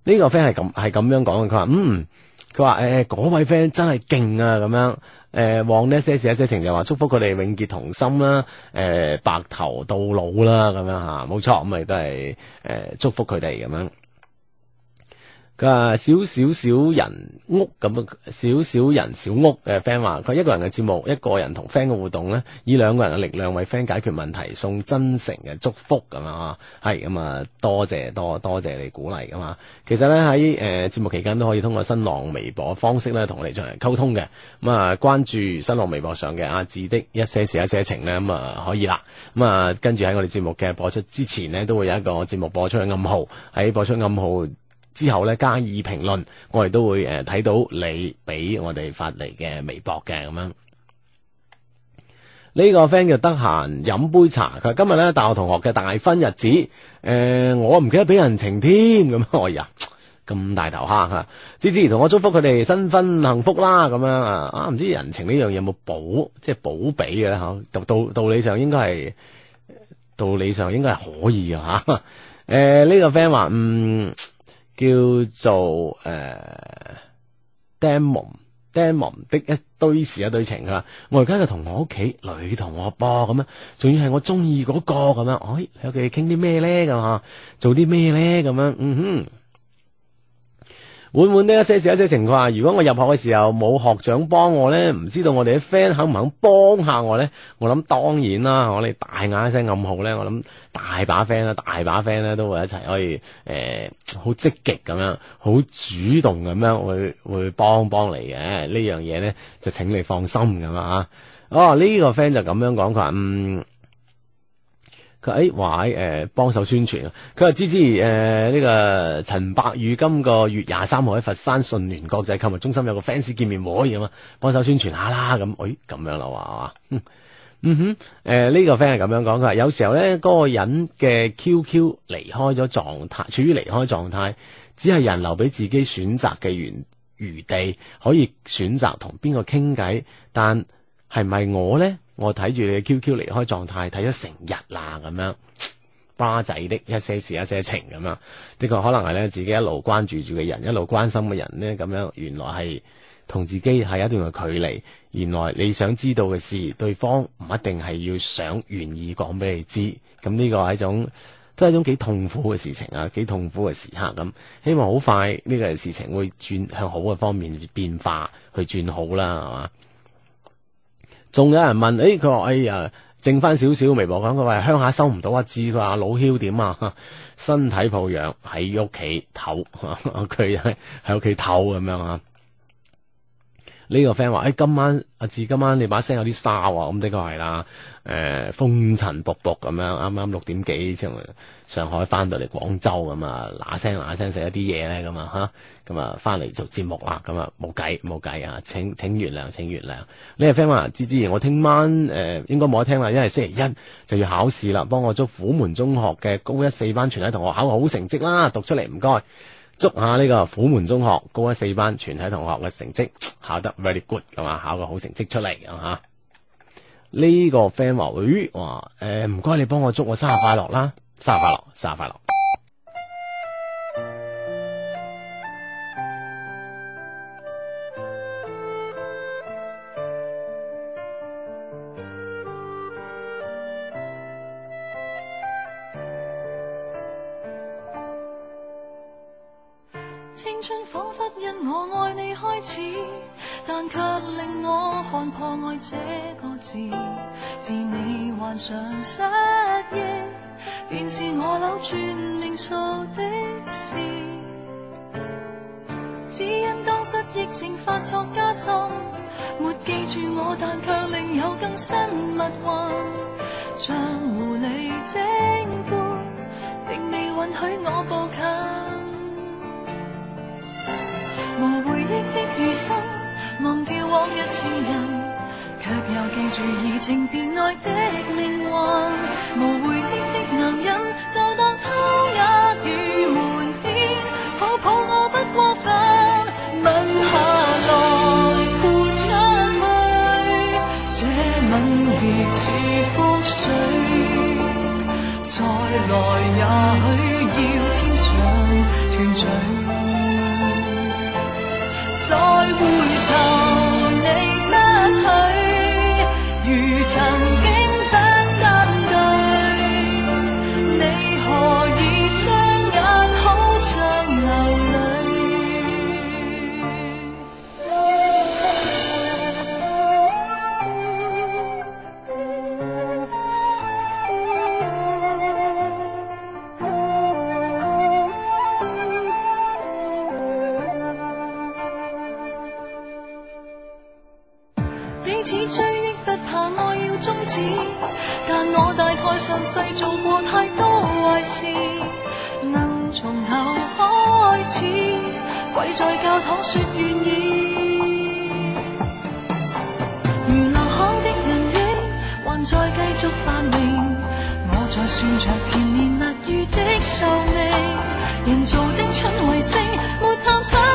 呢個 friend 係咁係咁樣講嘅，佢話嗯，佢話誒嗰位 friend 真係勁啊咁樣。誒、嗯、往一些事一些情，就話祝福佢哋永結同心啦，誒、呃、白頭到老啦，咁樣吓，冇錯，咁咪都係誒祝福佢哋咁樣。佢話少少少人屋咁啊，少少人小屋嘅 friend 話佢一個人嘅節目，一個人同 friend 嘅互動呢，以兩個人嘅力量為 friend 解決問題，送真誠嘅祝福咁啊，係咁啊，多謝多多謝你鼓勵咁啊。其實呢，喺誒節目期間都可以通過新浪微博方式呢同我哋進行溝通嘅。咁啊，關注新浪微博上嘅阿志的一些事，一些事，一些情呢，咁啊可以啦。咁啊，跟住喺我哋節目嘅播出之前呢，都會有一個節目播出嘅暗號喺播出暗號。之後咧，加以評論，我哋都會誒睇、呃、到你俾我哋發嚟嘅微博嘅咁樣。呢個 friend 就得閒飲杯茶，佢話今日咧，大學同學嘅大婚日子，誒、呃，我唔記得俾人情添咁。我話咁大頭蝦吓，芝芝同我祝福佢哋新婚幸福啦，咁樣啊，唔知人情有有、就是、呢樣嘢有冇補，即係補俾嘅咧？吓，道道道理上應該係，道理上應該係可以啊吓。誒、呃、呢、這個 friend 話嗯。叫做誒、呃、demo demo 的一堆事啊，對情啊，我而家就同我屋企女同學噃咁樣，仲要係我中意嗰個咁樣，誒、哎，你屋企傾啲咩咧咁啊，做啲咩咧咁樣，嗯哼。滿滿的一些事一些情況，如果我入學嘅時候冇學長幫我咧，唔知道我哋啲 friend 肯唔肯幫下我咧？我諗當然啦，我哋大嗌一聲暗號咧，我諗大把 friend 啦，大把 friend 咧都會一齊可以誒，好、呃、積極咁樣，好主動咁樣會會幫幫你嘅呢樣嘢咧，就請你放心咁啊！哦，呢個 friend 就咁樣講，佢話嗯。佢誒話誒幫手宣傳啊！佢話芝芝誒呢個陳百宇今個月廿三號喺佛山順聯國際購物中心有個 fans 見面會咁啊，幫手宣傳下啦咁。誒咁樣啦嘛、哎，嗯哼誒呢、呃這個 friend 係咁樣講，佢有時候咧嗰、嗰個人嘅 QQ 離開咗狀態，處於離開狀態，只係人留俾自己選擇嘅餘餘地，可以選擇同邊個傾偈，但係唔係我咧？我睇住你嘅 QQ 離開狀態，睇咗成日啦，咁樣巴仔的一些事、一些情咁樣，的確可能係咧自己一路關注住嘅人，一路關心嘅人呢咁樣，原來係同自己係一段嘅距離。原來你想知道嘅事，對方唔一定係要想願意講俾你知。咁呢個係一種都係一種幾痛苦嘅事情啊，幾痛苦嘅時刻咁。希望好快呢個事情會轉向好嘅方面變化，去轉好啦，係嘛？仲有人問，誒、哎，佢話，哎呀，剩翻少少微博講，佢話鄉下收唔到一支，佢話老囂點啊？身體抱恙喺屋企唞，佢喺喺屋企唞咁樣啊。呢個 friend 話：誒今晚阿志，今晚，今晚你把聲有啲沙喎，咁、嗯呃、的確係啦，誒風塵仆僕咁樣，啱啱六點幾從上海翻到嚟廣州咁啊，嗱聲嗱聲食一啲嘢咧，咁啊嚇，咁啊翻嚟做節目啦，咁啊冇計冇計啊，請請原諒請原諒。呢、這個 friend 話：志志，我晚、呃、聽晚誒應該冇得聽啦，因為星期一就要考試啦，幫我祝虎門中學嘅高一四班全體同學考好成績啦，讀出嚟唔該。祝下呢個虎門中學高一四班全體同學嘅成績考得 very good，係嘛？考個好成績出嚟咁吓。呢個 family 話誒，唔該你幫我祝我生日快樂啦！生日快樂，生日快樂。但卻令我看破愛這個字，自你患上失憶，便是我扭轉命數的事。只因當失憶症發作加深，沒記住我，但卻另有更新蜜運，像狐狸精般，並未允許我步近，無回憶。心忘掉往日情人，卻又記住移情別愛的命運。無回應的男人，就當偷眼與瞞騙，抱抱我不過分，吻下來豁出去，這吻別似覆水，再來也許。跪在教堂說願意，如流汗的人影還在繼續繁榮，我在算着甜言蜜語的壽命，人造的春衛星，沒探測。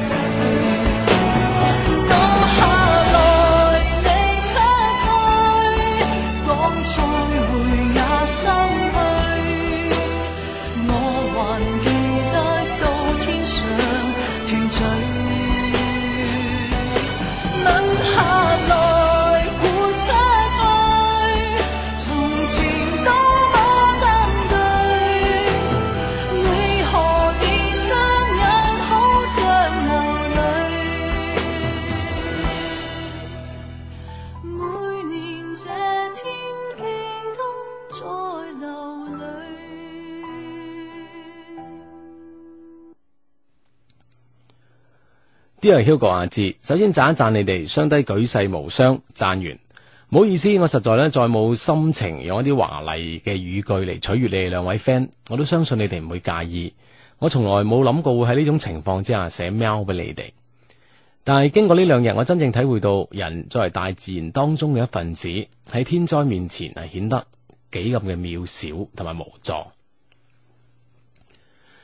啲人囂過阿志，Hugo, 阿 G. 首先讚一讚你哋，雙低舉世無雙。讚完唔好意思，我實在咧再冇心情用一啲華麗嘅語句嚟取悦你哋兩位 friend，我都相信你哋唔會介意。我從來冇諗過會喺呢種情況之下寫 mail 俾你哋，但係經過呢兩日，我真正體會到人作為大自然當中嘅一份子，喺天災面前係顯得幾咁嘅渺小同埋無助。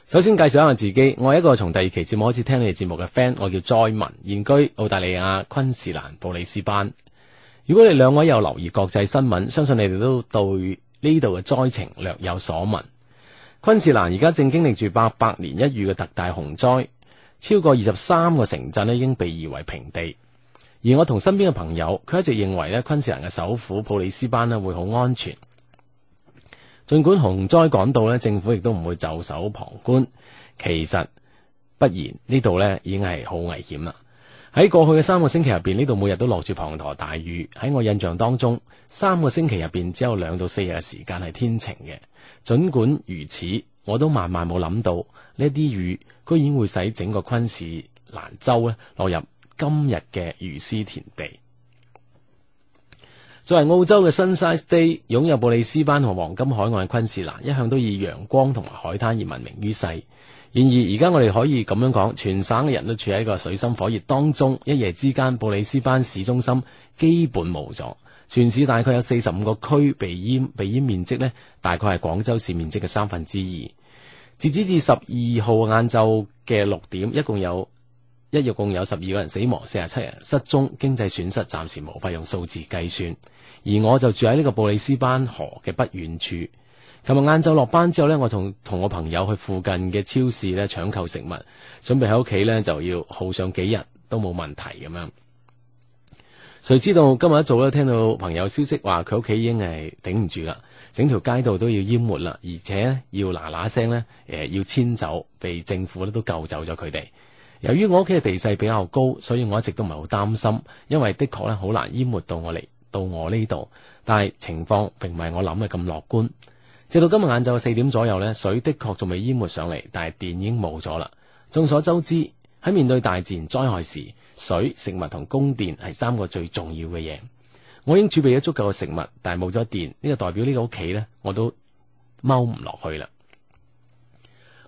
首先介紹一下自己，我係一個從第二期節目開始聽你哋節目嘅 friend，我叫災民，現居澳大利亞昆士蘭布里斯班。如果你兩位有留意國際新聞，相信你哋都對呢度嘅災情略有所聞。昆士蘭而家正經歷住八百年一遇嘅特大洪災，超過二十三個城鎮咧已經被夷為平地。而我同身邊嘅朋友，佢一直認為咧昆士蘭嘅首府布里斯班咧會好安全。儘管洪災趕到咧，政府亦都唔會袖手旁觀。其實不然，呢度咧已經係好危險啦。喺過去嘅三個星期入邊，呢度每日都落住滂沱大雨。喺我印象當中，三個星期入邊只有兩到四日嘅時間係天晴嘅。儘管如此，我都萬萬冇諗到呢啲雨，居然會使整個昆士蘭州咧落入今日嘅如斯田地。作為澳洲嘅 Sunshine State，擁有布里斯班同黃金海岸嘅昆士蘭，一向都以陽光同埋海灘而聞名於世。然而而家我哋可以咁樣講，全省嘅人都處喺一個水深火熱當中。一夜之間，布里斯班市中心基本冇咗，全市大概有四十五個區被淹，被淹面積呢大概係廣州市面積嘅三分之二。截止至十二號晏晝嘅六點，一共有一日共有十二個人死亡，四十七人失蹤，經濟損失暫時無法用數字計算。而我就住喺呢個布里斯班河嘅不遠處，琴日晏晝落班之後呢，我同同我朋友去附近嘅超市咧搶購食物，準備喺屋企呢就要耗上幾日都冇問題咁樣。誰知道今日一早咧聽到朋友消息話佢屋企已經係頂唔住啦，整條街道都要淹沒啦，而且要嗱嗱聲呢，誒，要遷走，被政府咧都救走咗佢哋。由於我屋企嘅地勢比較高，所以我一直都唔係好擔心，因為的確咧好難淹沒到我嚟到我呢度，但係情況並唔係我諗嘅咁樂觀。直到今日晏晝四點左右呢，水的確仲未淹沒上嚟，但係電已經冇咗啦。眾所周知，喺面對大自然災害時，水、食物同供電係三個最重要嘅嘢。我已經儲備咗足夠嘅食物，但係冇咗電，呢個代表呢個屋企呢，我都踎唔落去啦。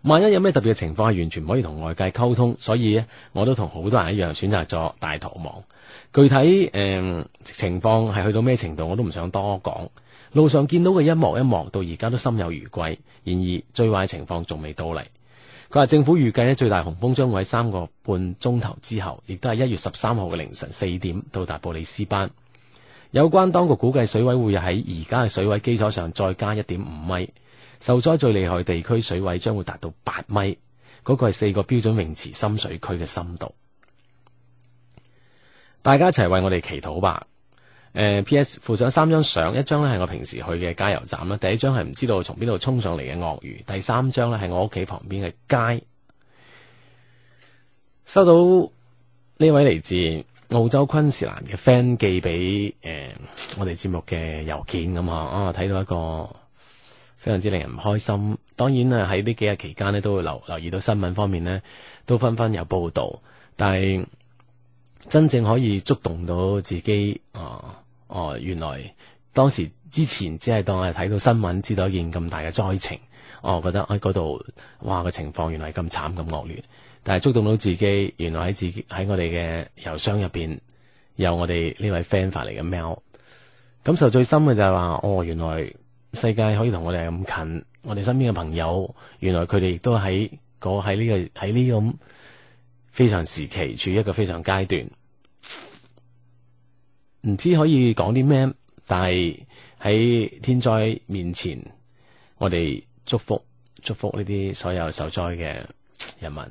萬一有咩特別嘅情況，係完全唔可以同外界溝通，所以咧，我都同好多人一樣選擇咗大逃亡。具體誒、呃、情況係去到咩程度，我都唔想多講。路上見到嘅一幕一幕，到而家都心有餘悸。然而最壞情況仲未到嚟。佢話政府預計咧，最大洪峰將會喺三個半鐘頭之後，亦都係一月十三號嘅凌晨四點到達布里斯班。有關當局估計水位會喺而家嘅水位基礎上再加一點五米。受災最厲害地區水位將會達到八米，嗰、那個係四個標準泳池深水區嘅深度。大家一齊為我哋祈禱吧。呃、PS 附上三張相，一張咧係我平時去嘅加油站啦。第一張係唔知道從邊度沖上嚟嘅鱷魚，第三張咧係我屋企旁邊嘅街。收到呢位嚟自澳洲昆士蘭嘅 friend 寄俾誒、呃、我哋節目嘅郵件咁嗬，啊睇到一個非常之令人唔開心。當然啊喺呢幾日期間咧都會留留意到新聞方面咧都紛紛有報道，但係。真正可以觸動到自己，哦哦，原來當時之前只係當係睇到新聞知道一件咁大嘅災情，我、哦、覺得喺嗰度，哇，個情況原來係咁慘咁惡劣，但係觸動到自己，原來喺自己喺我哋嘅郵箱入邊有我哋呢位 fan 發嚟嘅 mail。感受最深嘅就係話，哦，原來世界可以同我哋咁近，我哋身邊嘅朋友，原來佢哋亦都喺喺呢個喺呢咁。非常時期，處一個非常階段，唔知可以講啲咩，但係喺天災面前，我哋祝福祝福呢啲所有受災嘅人民，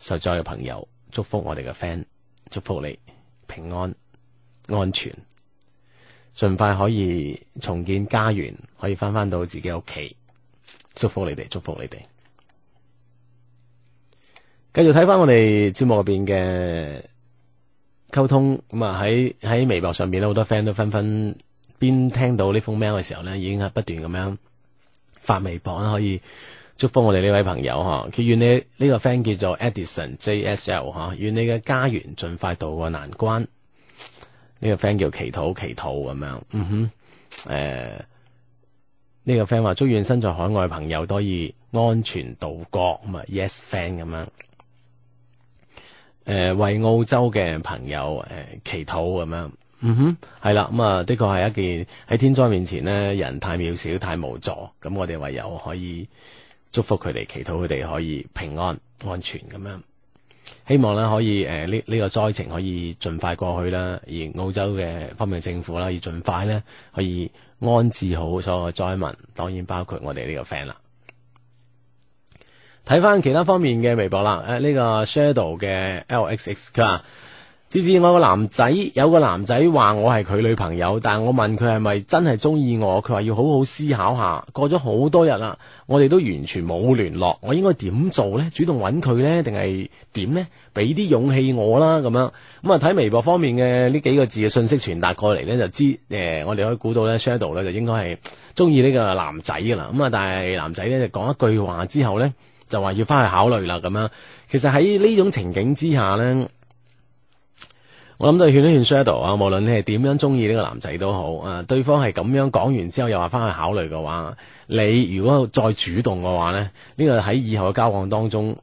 受災嘅朋友，祝福我哋嘅 friend，祝福你平安安全，盡快可以重建家園，可以翻翻到自己屋企，祝福你哋，祝福你哋。繼續睇翻我哋節目入邊嘅溝通咁啊，喺、嗯、喺微博上邊咧，好多 friend 都紛紛邊聽到呢封 mail 嘅時候咧，已經係不斷咁樣發微博啦，可以祝福我哋呢位朋友，佢願你呢、這個 friend 叫做 Edison J S L 嗬、啊，願你嘅家園盡快渡過難關。呢、這個 friend 叫祈禱祈禱咁樣，嗯哼，誒、呃，呢、這個 friend 話祝願身在海外嘅朋友可以安全渡過，咁啊，yes，friend 咁樣。Yes, 誒、呃，為澳洲嘅朋友誒、呃、祈禱咁樣，嗯哼，係啦，咁、嗯、啊，的確係一件喺天災面前呢，人太渺小，太無助，咁我哋唯有可以祝福佢哋，祈禱佢哋可以平安安全咁樣。希望咧可以誒，呢、呃、呢、這個災情可以盡快過去啦，而澳洲嘅方面政府啦，要盡快咧可以安置好所有嘅災民，當然包括我哋呢個 friend 啦。睇翻其他方面嘅微博啦。誒、呃，呢、這個 Shadow 嘅 L X X 佢話知知我個男仔有個男仔話我係佢女朋友，但係我問佢係咪真係中意我，佢話要好好思考下。過咗好多日啦，我哋都完全冇聯絡。我應該點做呢？主動揾佢呢？定係點呢？俾啲勇氣我啦，咁樣咁啊？睇、嗯、微博方面嘅呢幾個字嘅信息傳達過嚟呢，就知誒、呃，我哋可以估到呢，Shadow 呢就應該係中意呢個男仔噶啦。咁啊，但係男仔呢，就講一句話之後呢。就話要翻去考慮啦，咁樣，其實喺呢種情景之下呢，我諗都勸一勸 shadow 啊，無論你係點樣中意呢個男仔都好，啊，對方係咁樣講完之後又話翻去考慮嘅話，你如果再主動嘅話呢，呢個喺以後嘅交往當中。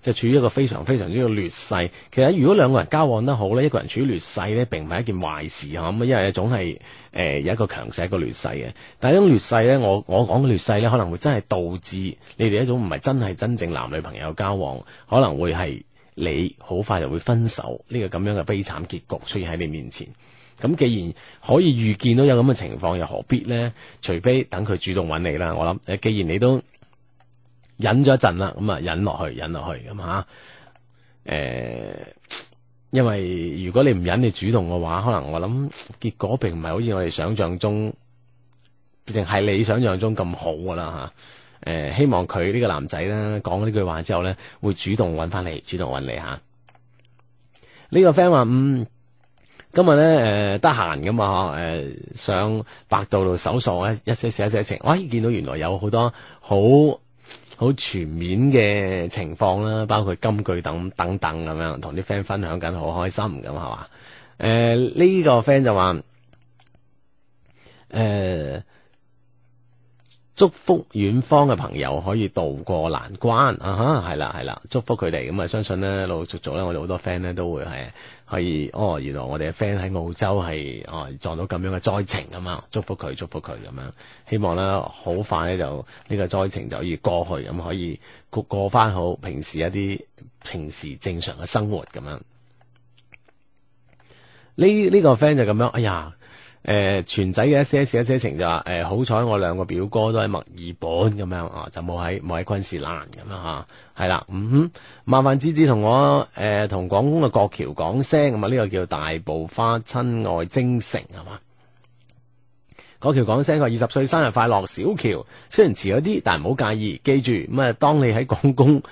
即係處於一個非常非常之嘅劣勢。其實如果兩個人交往得好呢，一個人處於劣勢呢，並唔係一件壞事嚇。因為總係誒、呃、有一個強勢一個劣勢嘅。但係呢種劣勢呢，我我講嘅劣勢呢，可能會真係導致你哋一種唔係真係真正男女朋友交往，可能會係你好快就會分手呢個咁樣嘅悲慘結局出現喺你面前。咁既然可以預見到有咁嘅情況，又何必呢？除非等佢主動揾你啦。我諗，既然你都，忍咗一陣啦，咁啊忍落去，忍落去，咁吓，誒、啊，因為如果你唔忍，你主動嘅話，可能我諗結果並唔係好似我哋想象中，定係你想象中咁好噶啦吓，誒、啊啊，希望佢呢、這個男仔咧講呢講句話之後咧，會主動揾翻你，主動揾你吓。呢、啊這個 friend 話，嗯，今日咧誒得閒噶嘛，誒、呃、上百度度搜索一一些事一些情，喂、啊，見到原來有好多好。好全面嘅情況啦，包括金句等等等咁樣，同啲 friend 分享緊，好開心咁係嘛？誒呢、呃呢個 friend 就話誒、呃、祝福遠方嘅朋友可以渡過難關啊！嚇，係啦係啦，祝福佢哋咁啊！相信咧陸陸續續咧，我哋好多 friend 咧都會係。可以哦，原來我哋嘅 friend 喺澳洲係哦撞到咁樣嘅災情咁樣，祝福佢祝福佢咁樣，希望咧好快就呢個災情就可以過去，咁可以過過翻好平時一啲平時正常嘅生活咁樣。呢呢個 friend 就咁樣，哎呀～誒、呃，全仔嘅一些事一些情就話誒，呃、好彩我兩個表哥都喺墨爾本咁樣啊就冇喺冇喺昆士蘭咁樣吓，係啦，嗯哼麻煩子子同我誒同廣工嘅國橋講聲咁啊，呢、啊嗯呃啊這個叫大步花親愛精誠係嘛，國橋講聲個二十歲生日快樂，小喬雖然遲咗啲，但係唔好介意，記住咁啊，當你喺廣工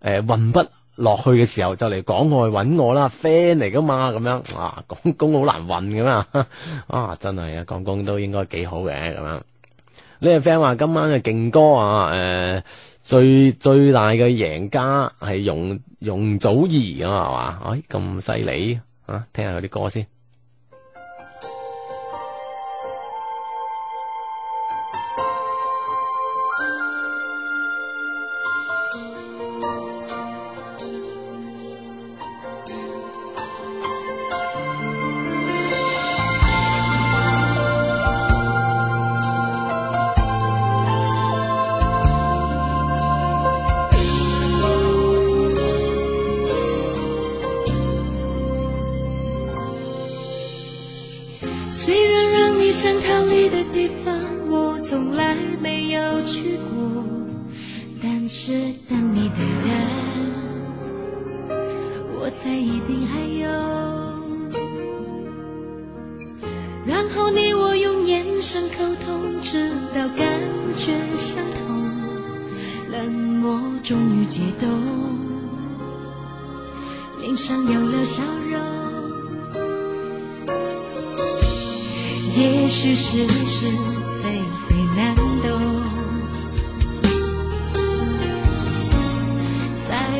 誒運筆。呃落去嘅時候就嚟廣外揾我啦，friend 嚟噶嘛咁樣啊，廣工好難揾噶嘛啊，真係啊，廣工都應該幾好嘅咁樣。呢個 friend 話今晚嘅勁歌啊，誒、呃、最最大嘅贏家係容容祖兒啊嘛，係嘛？哎咁犀利啊，聽下佢啲歌先。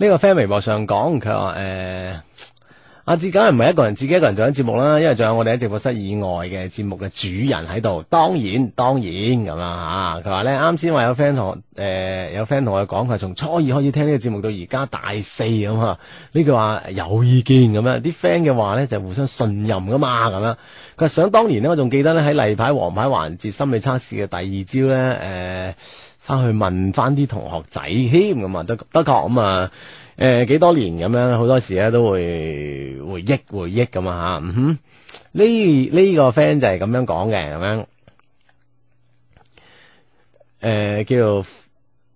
呢個 friend 微博上講，佢話誒，阿志梗係唔係一個人，自己一個人做緊節目啦，因為仲有我哋喺直播室以外嘅節目嘅主人喺度，當然當然咁啦吓。佢話咧，啱先話有 friend 同誒有 friend 同我講，佢係從初二開始聽呢個節目到而家大四咁啊。呢句話有意見咁樣，啲 friend 嘅話咧就是互相信任噶嘛咁樣。佢，嗯、想當年呢，我仲記得咧喺例牌王牌環節心理測試嘅第二招咧，誒、呃。翻去問翻啲同學仔添咁啊，得得嘅咁啊，誒、呃、幾多年咁樣，好多時咧都會回憶回憶咁啊吓，嗯、哼，呢呢、這個 friend 就係咁樣講嘅咁樣，誒、呃、叫佢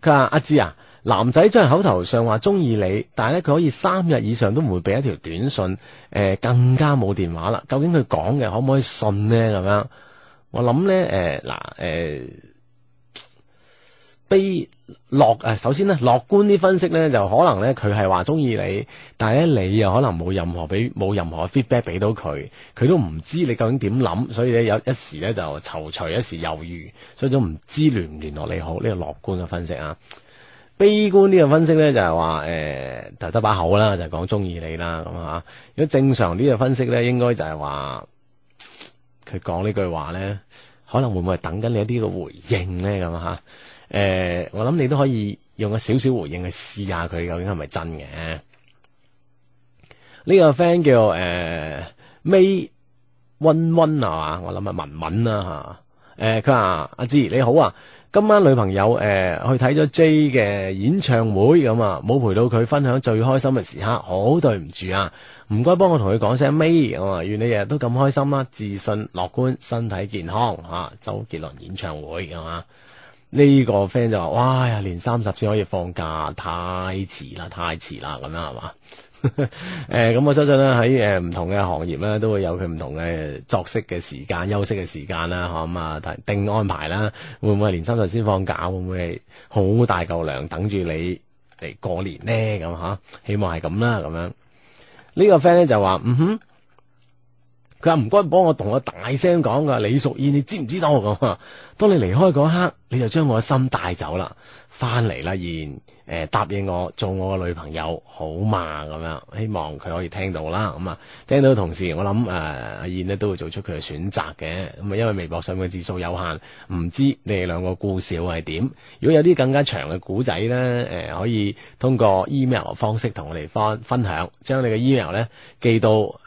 話阿芝啊，男仔真係口頭上話中意你，但係咧佢可以三日以上都唔會俾一條短信，誒、呃、更加冇電話啦，究竟佢講嘅可唔可以信呢？咁樣，我諗咧，誒、呃、嗱，誒、呃。呃呃樂誒，首先咧樂觀啲分析咧，就可能咧佢係話中意你，但係咧你又可能冇任何俾冇任何 feedback 俾到佢，佢都唔知你究竟點諗，所以咧有一時咧就躊躇，一時猶豫，所以都唔知聯唔聯絡你好呢，個樂觀嘅分析啊。悲觀啲嘅分析咧就係話誒，就得把口啦，就係講中意你啦咁啊。如果正常啲嘅分析咧，應該就係話佢講呢句話咧，可能會唔會係等緊你一啲嘅回應咧咁啊？誒、呃，我諗你都可以用個少少回應去試下佢究竟係咪真嘅？呢個 friend 叫誒、呃、May 温温啊嘛，我諗係文文啦吓。誒，佢話阿志你好啊，今晚女朋友誒、呃、去睇咗 J 嘅演唱會咁啊，冇陪到佢分享最開心嘅時刻，好對唔住啊，唔該幫我同佢講聲 May，我話、啊、願你日日都咁開心啦，自信樂觀，身體健康吓。周、啊、杰倫演唱會係嘛？啊呢個 friend 就話：，哇呀，年三十先可以放假，太遲啦，太遲啦，咁樣係嘛？誒、 欸，咁我相信咧喺誒唔同嘅行業咧，都會有佢唔同嘅作息嘅時間、休息嘅時間啦，吓咁啊，定安排啦。會唔會係年三十先放假？會唔會係好大嚿糧等住你嚟過年呢？咁吓，希望係咁啦，咁樣呢、呢個 friend 咧就話：，嗯哼。唔該，幫我同我大聲講噶李淑燕，你知唔知道咁啊？ 當你離開嗰刻，你就將我嘅心帶走啦，翻嚟啦，燕誒、呃，答應我做我嘅女朋友，好嘛？咁樣希望佢可以聽到啦。咁啊，聽到同時，我諗誒，阿、呃、燕咧都會做出佢嘅選擇嘅。咁啊，因為微博上嘅字數有限，唔知你哋兩個故事會係點。如果有啲更加長嘅故仔呢，誒、呃，可以通過 email 方式同我哋分分享，將你嘅 email 呢寄到。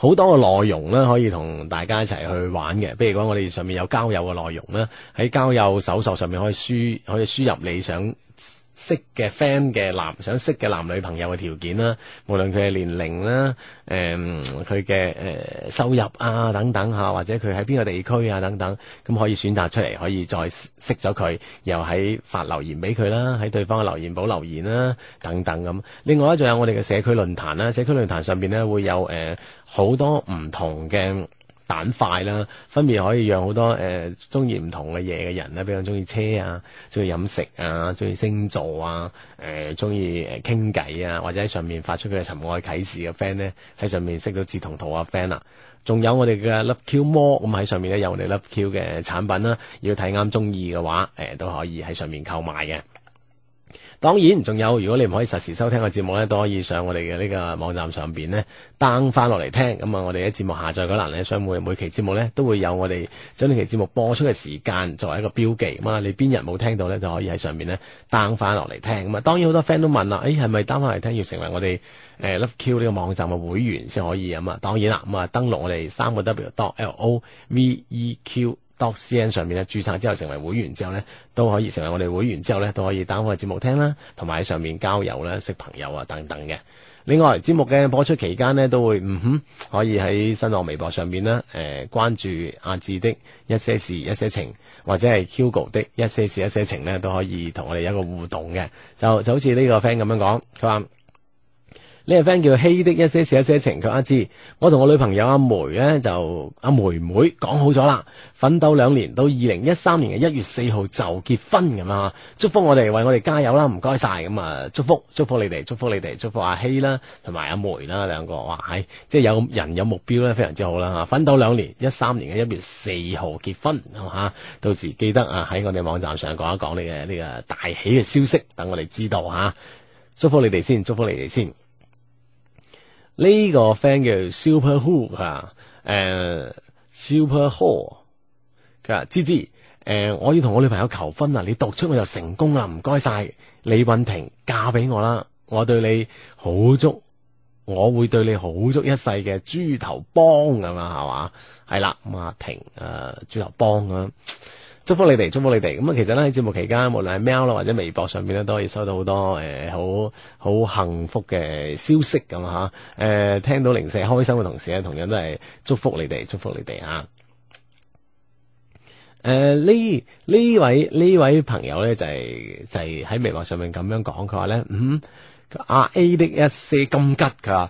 好多嘅內容咧，可以同大家一齊去玩嘅。譬如講，我哋上面有交友嘅內容啦，喺交友搜索上面可以輸，可以輸入你想識嘅 friend 嘅男想識嘅男女朋友嘅條件啦，無論佢嘅年齡啦，誒佢嘅誒收入啊等等嚇，或者佢喺邊個地區啊等等，咁可以選擇出嚟，可以再識咗佢，又喺發留言俾佢啦，喺對方嘅留言簿留言啦、啊、等等咁、嗯。另外咧，仲有我哋嘅社區論壇啦，社區論壇上邊咧會有誒好、呃、多唔同嘅。板塊啦，分別可以讓好多誒中意唔同嘅嘢嘅人咧，比較中意車啊，中意飲食啊，中意星座啊，誒中意誒傾偈啊，或者喺上面發出佢嘅尋愛啟示嘅 friend 咧，喺上面識到志同道合 friend 啦。仲有我哋嘅 Love Q More 咁喺上面咧，有我哋 Love Q 嘅產品啦、啊，要睇啱中意嘅話，誒、呃、都可以喺上面購買嘅。當然，仲有，如果你唔可以實時收聽個節目咧，都可以上我哋嘅呢個網站上邊咧 down 翻落嚟聽。咁啊，我哋喺節目下載嗰欄咧，所以每期節目咧都會有我哋將呢期節目播出嘅時間作為一個標記。咁啊，你邊日冇聽到咧，就可以喺上面咧 down 翻落嚟聽。咁啊，當然好多 friend 都問啦，誒，係咪 down 翻嚟聽要成為我哋誒 Love Q 呢個網站嘅會員先可以啊？嘛，當然啦，咁啊，登錄我哋三個 W dot L O V E Q。doc cn 上面咧，註冊之後成為會員之後咧，都可以成為我哋會員之後咧，都可以打開個節目聽啦，同埋喺上面交友啦、識朋友啊等等嘅。另外節目嘅播出期間呢，都會嗯哼可以喺新浪微博上面啦，誒、呃、關注阿志的一些事一些情或者係 c u g o 的一些事一些情呢，都可以同我哋有一個互動嘅。就就好似呢個 friend 咁樣講，佢話。呢個 friend 叫希、hey、的一些事一些情，佢一知我同我女朋友阿梅咧，就阿梅妹妹講好咗啦，奮鬥兩年，到二零一三年嘅一月四號就結婚咁啊！祝福我哋，為我哋加油啦！唔該晒咁啊！祝福祝福你哋，祝福你哋，祝福阿希啦，同埋阿梅啦，兩個哇，喺、哎、即係有人有目標咧，非常之好啦吓。奮鬥兩年，一三年嘅一月四號結婚，吓到時記得啊，喺我哋網站上講一講你嘅呢個大喜嘅消息，等我哋知道吓、啊。祝福你哋先，祝福你哋先。呢個 friend 叫 Super Hook 啊，誒 Super Hall，佢話芝芝，誒、呃、我要同我女朋友求婚啦，你讀出我就成功啦，唔該晒李韻婷嫁俾我啦，我對你好足，我會對你好足一世嘅豬頭幫咁啊，係嘛？係啦，阿婷誒豬頭幫咁、啊。祝福你哋，祝福你哋。咁啊，其實咧喺節目期間，無論係 mail 啦，或者微博上面，咧，都可以收到好多誒好好幸福嘅消息咁吓。誒，聽到零舍開心嘅同時咧，同樣都係祝福你哋，祝福你哋吓。誒，呢呢位呢位朋友咧就係就係喺微博上面咁樣講，佢話咧嗯阿 A 的一些金吉佢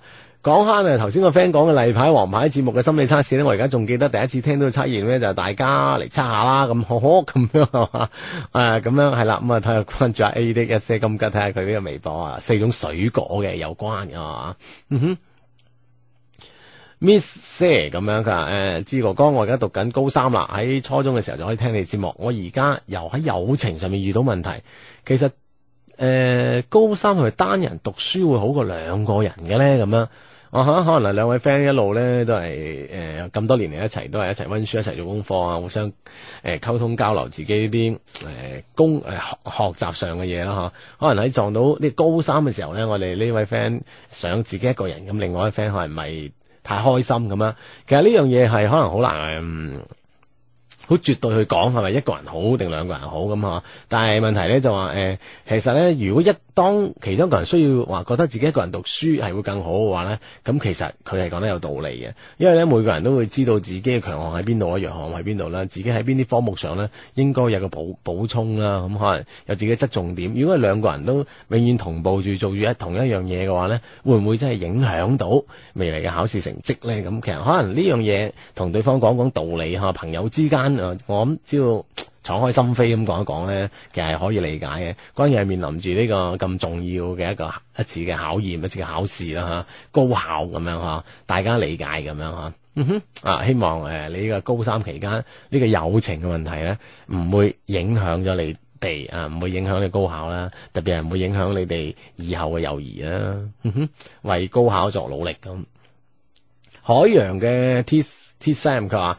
講下誒，頭先個 friend 講嘅例牌、王牌節目嘅心理測試咧，我而家仲記得第一次聽到測驗咧，就係、是、大家嚟測下啦，咁可可咁樣係嘛？誒，咁樣係啦，咁啊睇下關注下 A 啲一些金吉，睇下佢呢個微博啊，四種水果嘅有關啊。嗯、哼，Miss Sir 咁樣，佢話誒，知哥哥，我而家讀緊高三啦，喺初中嘅時候就可以聽你節目，我而家又喺友情上面遇到問題，其實誒、欸，高三係咪單人讀書會好過兩個人嘅咧，咁樣。我吓、啊、可能啊，兩位 friend 一路咧都係誒咁多年嚟一齊，都係一齊溫書一齊做功課啊，互相誒溝通交流自己啲誒、呃、工誒、呃、學習上嘅嘢啦嗬。可能喺撞到啲高三嘅時候咧，我哋呢位 friend 想自己一個人，咁另外一位 friend 可能唔係太開心咁啦、嗯呃。其實呢樣嘢係可能好難，好絕對去講係咪一個人好定兩個人好咁嗬。但係問題咧就話誒，其實咧如果一。當其中一個人需要話、啊、覺得自己一個人讀書係會更好嘅話呢咁其實佢係講得有道理嘅，因為呢每個人都會知道自己嘅強項喺邊度啊，弱項喺邊度啦，自己喺邊啲科目上呢應該有個補補充啦、啊，咁、嗯、可能有自己嘅側重點。如果係兩個人都永遠同步住做住一同一樣嘢嘅話呢會唔會真係影響到未來嘅考試成績呢？咁、嗯、其實可能呢樣嘢同對方講講道理吓、啊，朋友之間啊，我諗只要。敞開心扉咁講一講咧，其實係可以理解嘅。關鍵係面臨住呢個咁重要嘅一個一次嘅考驗，一次嘅考試啦嚇，高考咁樣嚇，大家理解咁樣嚇。嗯、哼，啊，希望誒、呃、你呢個高三期間呢、呢個友情嘅問題咧，唔會影響咗你哋啊，唔會影響你高考啦。特別係唔會影響你哋以後嘅友誼啦。嗯、哼，為高考作努力咁、嗯。海洋嘅 T T Sam 佢話。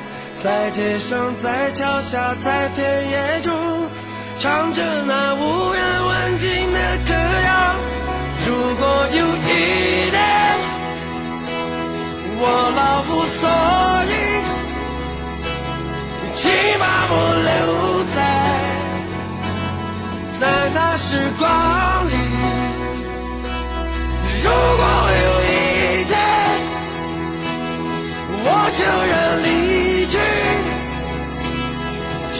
在街上，在橋下，在田野中，唱着那無人問津的歌謠。如果有一天我老無所依，請把我留在在那時光裏。如果有一天我悄然離去。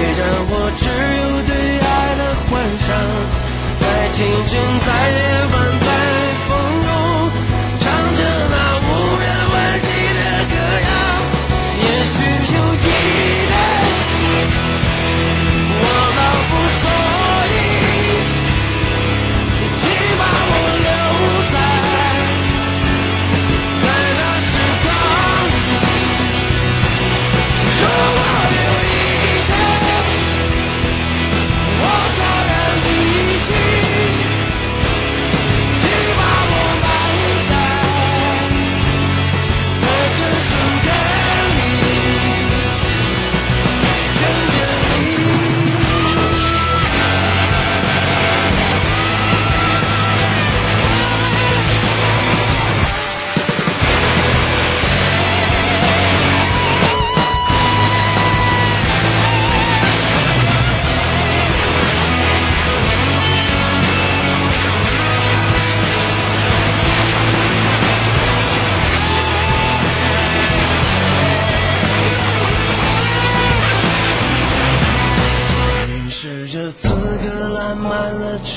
別讓我只有對愛的幻想，在清晨，在夜晚，在風。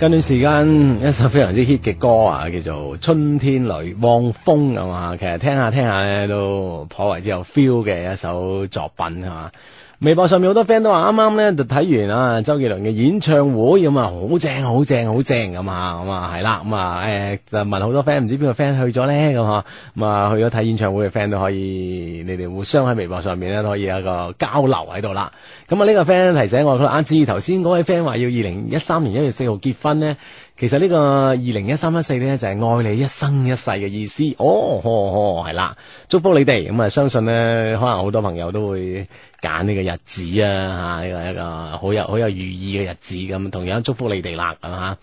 近段時間，一首非常之 hit 嘅歌啊，叫做《春天裏》，汪峰咁啊其實聽下聽下咧，都頗為之有 feel 嘅一首作品係咪。微博上面好多 friend 都話，啱啱咧就睇完啊周杰倫嘅演唱會，咁啊好正好正好正，咁啊咁啊係啦，咁啊誒，就問好多 friend 唔知邊個 friend 去咗咧，咁嗬，咁啊去咗睇演唱會嘅 friend 都可以你哋互相喺微博上面咧都可以有一個交流喺度啦。咁啊呢個 friend 提醒我佢，阿、啊、至頭先嗰位 friend 話要二零一三年一月四號結婚呢。其實呢個二零一三一四呢，就係、是、愛你一生一世嘅意思哦哦係啦祝福你哋咁啊相信呢，可能好多朋友都會。揀呢個日子啊，吓呢個一個好有好有寓意嘅日子咁，同樣祝福你哋啦，咁吓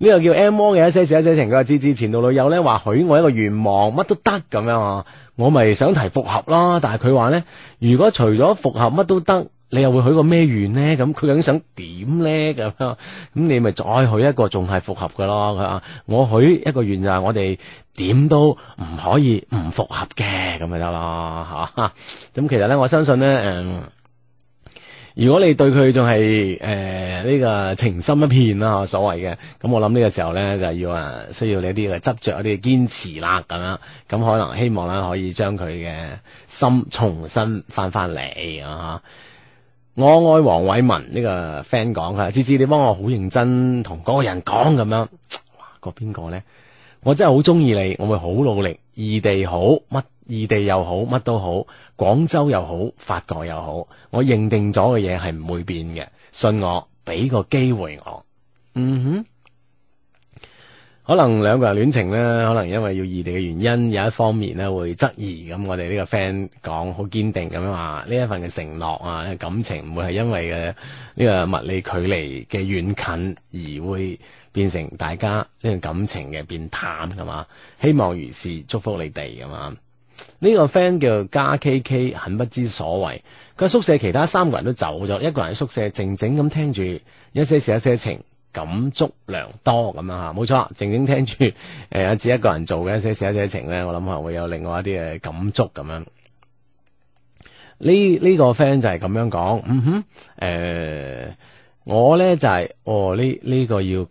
呢個叫 M O 嘅一些事一些情，佢話之之前度女友咧，話許我一個願望，乜都得咁樣啊，我咪想提復合咯，但係佢話咧，如果除咗復合乜都得。你又會許個咩願呢？咁佢究竟想點呢？咁咁你咪再許一個，仲係復合噶咯？我許一個願就係我哋點都唔可以唔復合嘅，咁咪得咯吓。咁、啊啊、其實咧，我相信咧，誒、嗯，如果你對佢仲係誒呢個情深一片啦、啊，所謂嘅咁，我諗呢個時候咧就係、要啊，需要你啲嘅執着，一啲堅持啦，咁啦，咁可能希望咧可以將佢嘅心重新翻翻嚟啊。我愛黃偉文呢個 friend 講啊，芝芝你幫我好認真同嗰個人講咁樣，哇個邊個呢？我真係好中意你，我會好努力，異地好乜，異地又好乜都好，廣州又好，法國又好，我認定咗嘅嘢係唔會變嘅，信我，俾個機會我，嗯哼。可能兩個人戀情咧，可能因為要異地嘅原因，有一方面咧會質疑。咁我哋呢個 friend 講好堅定咁樣話呢一份嘅承諾啊，感情唔會係因為嘅呢個物理距離嘅遠近而會變成大家呢個感情嘅變淡噶嘛。希望如是，祝福你哋噶嘛。呢個 friend 叫加 K K，很不知所謂。佢宿舍其他三個人都走咗，一個人喺宿舍靜靜咁聽住一些事，一些情。感觸良多咁樣吓，冇錯，靜靜聽住誒，阿、呃、自一個人做嘅一些事，一些情咧，我諗吓會有另外一啲嘅感觸咁樣。呢呢、這個 friend 就係咁樣講，嗯哼，誒、呃，我咧就係、是、哦，呢呢、這個要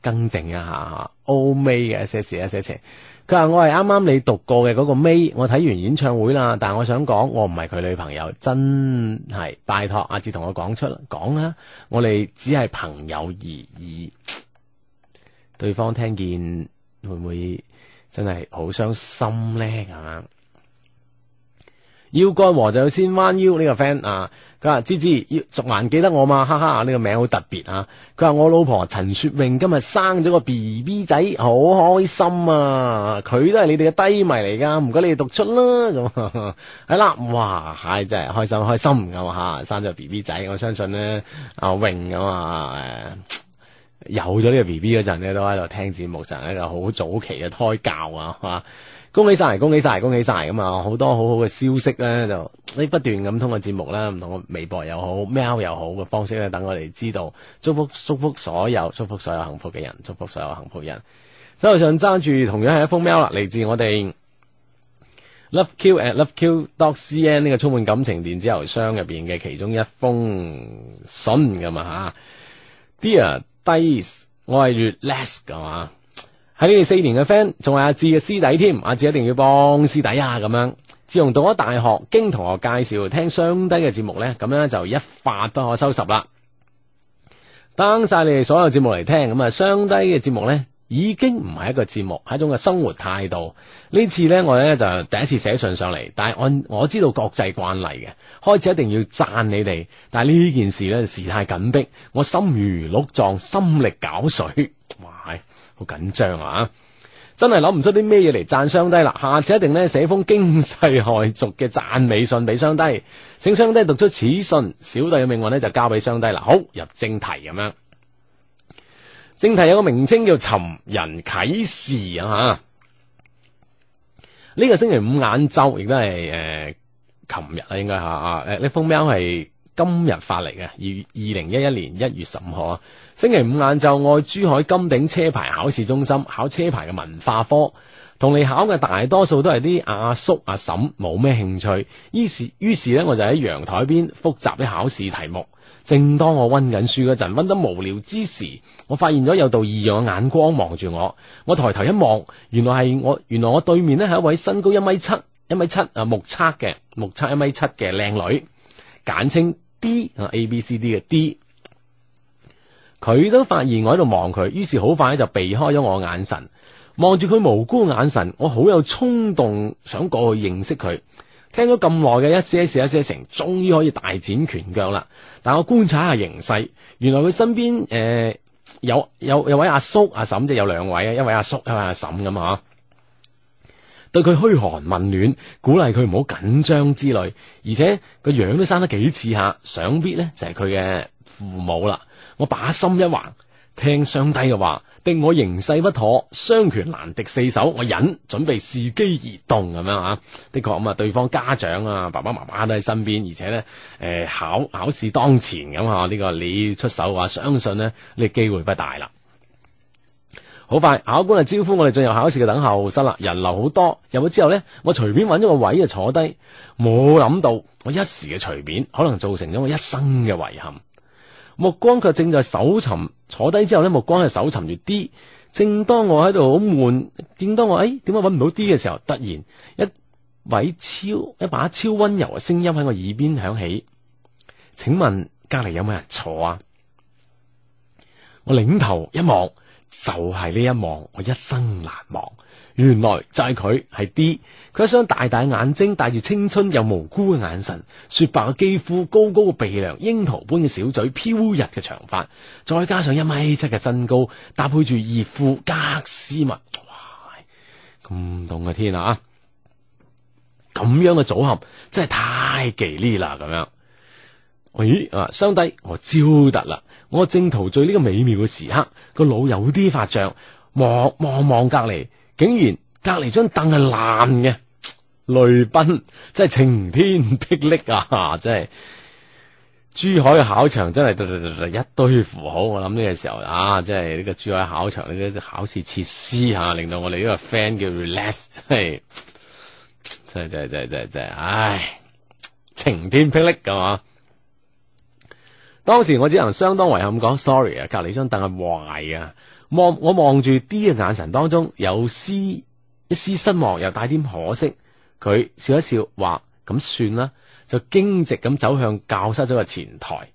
更正一下，歐美嘅一些事，一些情。佢話我係啱啱你讀過嘅嗰個 May，我睇完演唱會啦，但係我想講，我唔係佢女朋友，真係，拜託阿志同我講出講啦，我哋只係朋友而已，對方聽見會唔會真係好傷心咧？係嘛？要干和就先彎腰呢個 friend 啊，佢話芝芝要仲還記得我嘛，哈哈呢個名好特別啊！佢話我老婆陳雪榮今日生咗個 B B 仔，好開心啊！佢都係你哋嘅低迷嚟噶，唔該你哋讀出啦咁。係、啊、啦、啊，哇，係、哎、真係開心開心咁吓、啊，生咗 B B 仔，我相信呢，阿穎咁啊，誒、啊，有咗呢個 B B 嗰陣呢，都喺度聽節目，上咧就好早期嘅胎教啊，係、啊恭喜晒，恭喜晒，恭喜晒咁啊！很多很好多好好嘅消息咧，就你不斷咁通過節目啦，唔同微博又好，mail 又好嘅方式咧，等我哋知道。祝福祝福所有，祝福所有幸福嘅人，祝福所有幸福人。手上揸住同樣係一封 mail 啦，嚟自我哋 love q at love q dot cn 呢個充滿感情電子郵箱入邊嘅其中一封信咁嘛。吓。Dear dies，我係月 less 噶嘛。喺你哋四年嘅 friend，仲係阿志嘅師弟添。阿志一定要幫師弟啊！咁樣，自從讀咗大學，經同學介紹聽雙低嘅節目呢，咁樣就一發不可收拾啦。當晒你哋所有節目嚟聽，咁啊，雙低嘅節目呢已經唔係一個節目，係一種嘅生活態度。呢次呢，我呢就第一次寫信上嚟，但係按我知道國際慣例嘅，開始一定要讚你哋。但係呢件事呢，事態緊迫，我心如鹿撞，心力交瘁。哇！好緊張啊！真係諗唔出啲咩嘢嚟讚商低啦。下次一定呢，寫封驚世駭俗嘅讚美信俾商低，請商低讀出此信，小弟嘅命運呢就交俾商低啦。好入正題，咁樣，正題有個名稱叫尋人啟事啊！吓，呢個星期五晏晝亦都係，誒，琴日啦，應該吓啊！誒，呢封 mail 係今日發嚟嘅，二二零一一年一月十五號啊。星期五晏晝，我去珠海金鼎車牌考試中心考車牌嘅文化科，同你考嘅大多數都係啲阿叔阿嬸，冇咩興趣。於是，於是呢，我就喺陽台邊複習啲考試題目。正當我溫緊書嗰陣，溫得無聊之時，我發現咗有道異樣嘅眼光望住我。我抬頭一望，原來係我，原來我對面呢係一位身高一米七，啊、一米七啊目測嘅目測一米七嘅靚女，簡稱 D 啊 A B C D 嘅 D。佢都發現我喺度望佢，於是好快咧就避開咗我眼神，望住佢無辜眼神，我好有衝動想過去認識佢。聽咗咁耐嘅一些事、一些情，終於可以大展拳腳啦！但我觀察下形勢，原來佢身邊誒、呃、有有有位阿叔阿嬸，即係有兩位啊，一位阿叔一位阿嬸咁嗬，對佢噓寒問暖，鼓勵佢唔好緊張之類，而且個樣都生得幾似下，想必呢，就係佢嘅父母啦。我把心一橫，聽上帝嘅話，定我形勢不妥，雙拳難敵四手，我忍，準備伺機而動咁樣啊！的確咁啊，對方家長啊，爸爸媽媽都喺身邊，而且呢，誒、欸、考考試當前咁啊，呢、呢個你出手啊，相信呢，你機會不大啦。好快考官就招呼我哋進入考試嘅等候室啦，人流好多。入咗之後呢，我隨便揾咗個位就坐低，冇諗到我一時嘅隨便，可能造成咗我一生嘅遺憾。目光佢正在搜尋，坐低之後咧，目光係搜尋住 d，正當我喺度好悶，正當我誒，點解揾唔到 d 嘅時候，突然一位超一把超溫柔嘅聲音喺我耳邊響起：請問隔籬有冇人坐啊？我擰頭一望，就係呢一望，我一生難忘。原來就係佢，係 D。佢一雙大大眼睛，帶住青春又無辜嘅眼神，雪白嘅肌膚，高高嘅鼻梁，櫻桃般嘅小嘴，飄逸嘅長髮，再加上一米七嘅身高，搭配住熱褲加絲襪，哇！咁凍嘅天啊，咁樣嘅組合真係太吉呢啦！咁樣，咦啊，上帝，我招得啦，我正陶醉呢個美妙嘅時刻，個腦有啲發脹，望望望隔籬。竟然隔籬張凳係爛嘅，雷奔真係晴天霹靂啊！真係珠海嘅考場真係，一堆符號。我諗呢個時候啊，真係呢個珠海考場呢啲、這個、考試設施吓、啊，令到我哋呢個 friend 叫 relax，真係真係真係真係真係，唉，晴天霹靂㗎嘛！當時我只能相當遺憾咁講 sorry 啊，隔籬張凳係壞啊。望我望住 D 嘅眼神當中，有絲一絲失望，又帶點可惜。佢笑一笑，話咁算啦，就徑直咁走向教室咗個前台。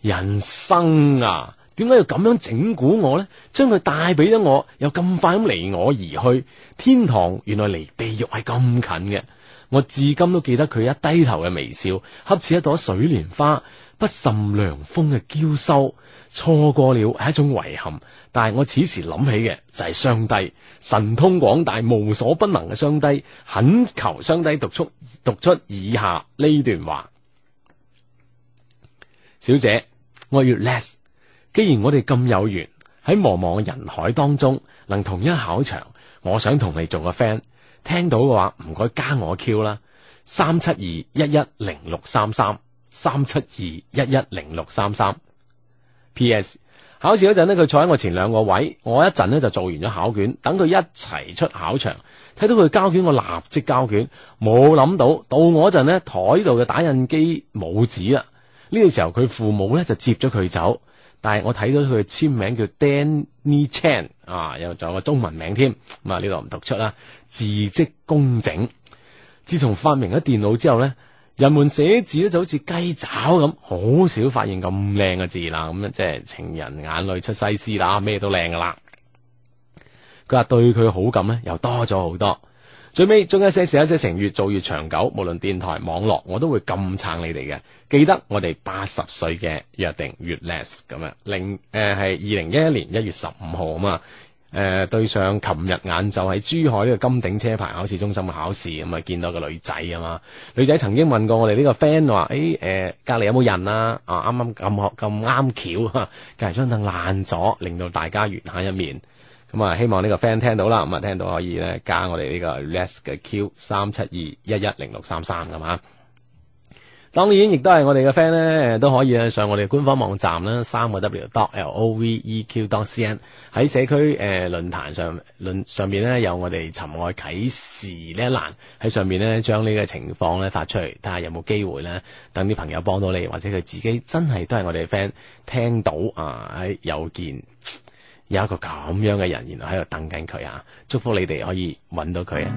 人生啊，點解要咁樣整蠱我咧？將佢帶俾咗我，又咁快咁離我而去。天堂原來離地獄係咁近嘅，我至今都記得佢一低頭嘅微笑，恰似一朵水蓮花。不甚良風嘅嬌羞，錯過了係一種遺憾。但係我此時諗起嘅就係、是、上帝神通廣大無所不能嘅上帝，懇求上帝讀出讀出以下呢段話。 小姐，我要 Less，既然我哋咁有緣喺茫茫人海當中能同一考場，我想同你做個 friend。聽到嘅話唔該加我 Q 啦，三七二一一零六三三。三七二一一零六三三。P.S. 考試嗰陣咧，佢坐喺我前兩個位，我一陣咧就做完咗考卷，等佢一齊出考場，睇到佢交卷，我立即交卷。冇諗到到我一陣咧，台度嘅打印機冇紙啦。呢、這個時候佢父母呢就接咗佢走，但係我睇到佢嘅簽名叫 Danny Chan 啊，又仲有個中文名添。咁啊呢度唔讀出啦，字跡工整。自從發明咗電腦之後呢。人們寫字咧就好似雞爪咁，好少發現咁靚嘅字啦。咁樣即係情人眼裏出西施啦，咩都靚噶啦。佢話對佢好感咧又多咗好多。最尾中間寫一些事一些情，越做越長久，無論電台、網絡，我都會咁撐你哋嘅。記得我哋八十歲嘅約定，越 less 咁樣零誒係二零一一年一月十五號啊嘛。誒、呃，對上琴日晏晝喺珠海呢個金鼎車牌考試中心嘅考試，咁、嗯、啊見到個女仔啊嘛，女仔曾經問過我哋呢個 friend 話，誒、欸，誒、呃，隔籬有冇人啊？啊，啱啱咁學咁啱巧，隔籬張凳爛咗，令到大家遇下一面。咁、嗯、啊、嗯，希望呢個 friend 聽到啦，咁、嗯、啊聽到可以咧加我哋呢個 less 嘅 Q 三七二一一零六三三咁嘛。當然，亦都係我哋嘅 friend 咧，都可以咧上我哋嘅官方網站啦，三個 W dot L O V E Q dot C N 喺社區誒論壇上論上邊咧，有我哋尋愛啟事呢一欄，喺上面咧，將呢個情況咧發出去，睇下有冇機會咧等啲朋友幫到你，或者佢自己真係都係我哋嘅 friend 聽到啊喺有件，有一個咁樣嘅人，原來喺度等緊佢啊！祝福你哋可以揾到佢啊！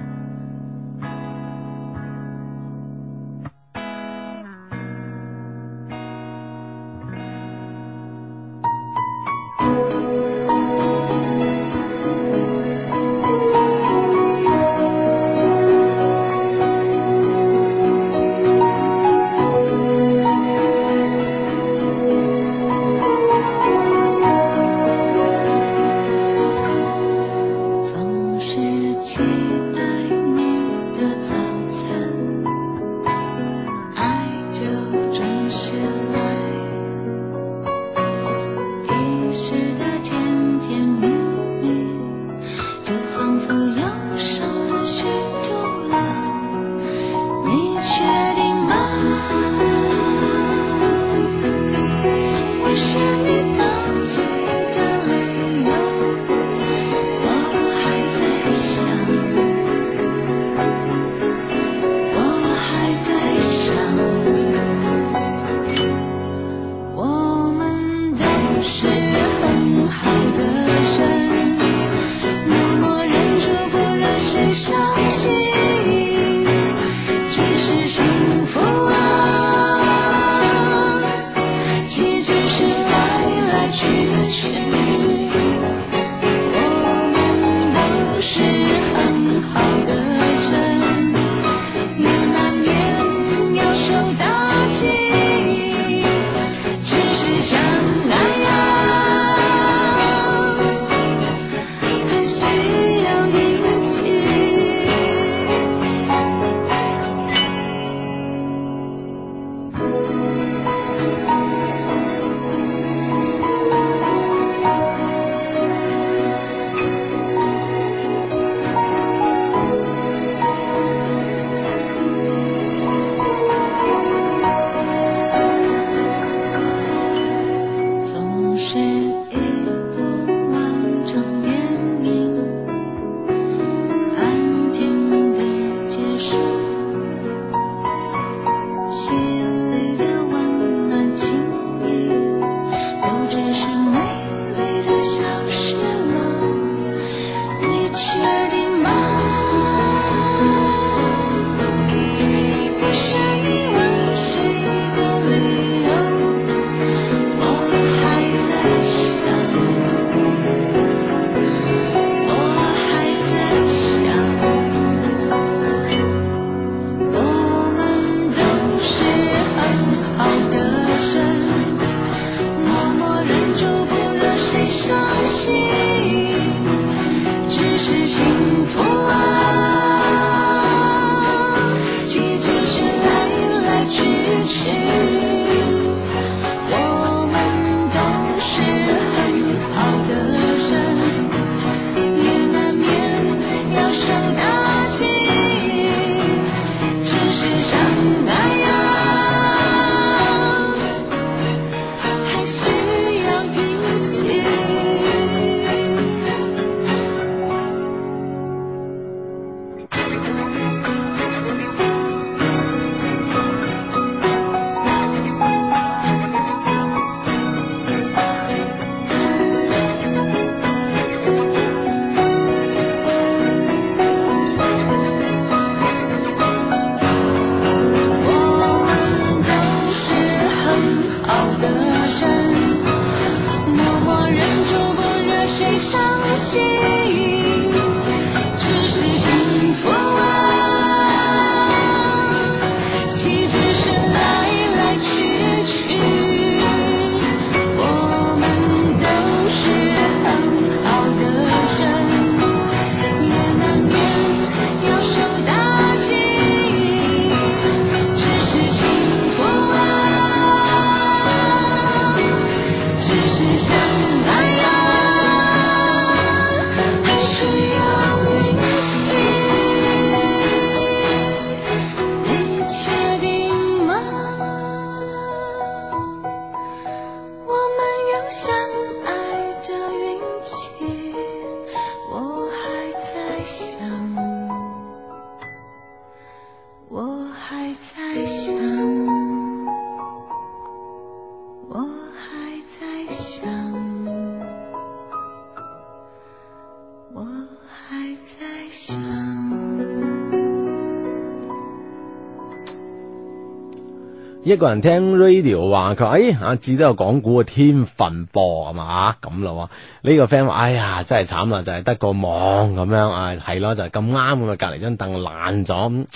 一個人聽 radio 話佢，哎，阿志都有講古嘅天分噃，係嘛咁咯？呢、這個 friend 話，哎呀，真係慘啦，就係、是、得個網咁樣啊，係、啊、咯，就係咁啱咁啊，隔籬張凳爛咗。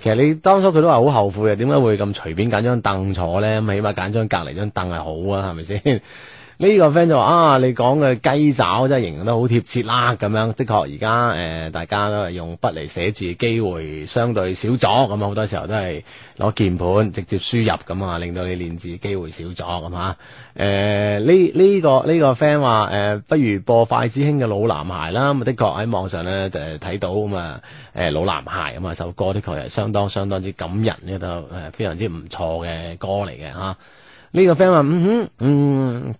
其實你當初佢都話好後悔嘅，點解會咁隨便揀張凳坐咧？咁起碼揀張隔籬張凳係好啊，係咪先？ 呢個 friend 就話啊，你講嘅雞爪真係形容得好貼切啦，咁樣的確而家誒大家都係用筆嚟寫字嘅機會相對少咗，咁好多時候都係攞鍵盤直接輸入咁啊，令到你練字機會少咗咁啊。誒呢呢個呢、這個 friend 話誒，不如播筷子兄弟嘅《老男孩》啦，咁啊的確喺網上咧誒睇到咁啊誒《老男孩》咁啊首歌的確係相當相當之感人呢都誒非常之唔錯嘅歌嚟嘅嚇。呢、啊這個 friend 話嗯哼嗯。嗯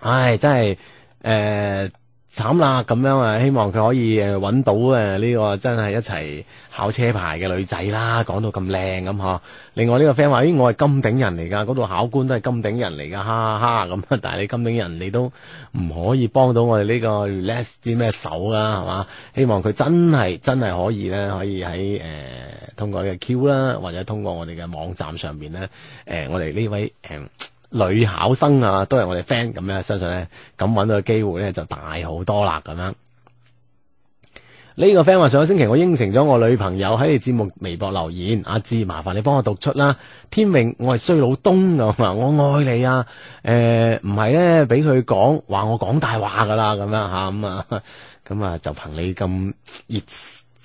唉，真係誒慘啦，咁、呃、樣啊，希望佢可以誒搵、呃、到誒呢、這個真係一齊考車牌嘅女仔啦。講到咁靚咁吓。另外呢個 friend 話，咦，我係金鼎人嚟噶，嗰、那、度、個、考官都係金鼎人嚟噶，哈哈哈。咁但係你金鼎人，你都唔可以幫到我哋呢個 relax 啲咩手啦，係、啊、嘛？希望佢真係真係可以咧，可以喺誒、呃、通過呢個 Q 啦，或者通過我哋嘅網站上邊咧，誒、呃，我哋呢位誒。呃女考生啊，都係我哋 friend 咁咧，相信咧咁揾到嘅機會咧就大好多啦咁樣呢。呢個 friend 話上個星期我應承咗我女朋友喺你節目微博留言，阿、啊、志麻煩你幫我讀出啦。天命，我係衰老東啊嘛，我愛你啊。誒、呃，唔係咧，俾佢講話我講大話噶啦，咁樣吓咁啊，咁啊就憑你咁熱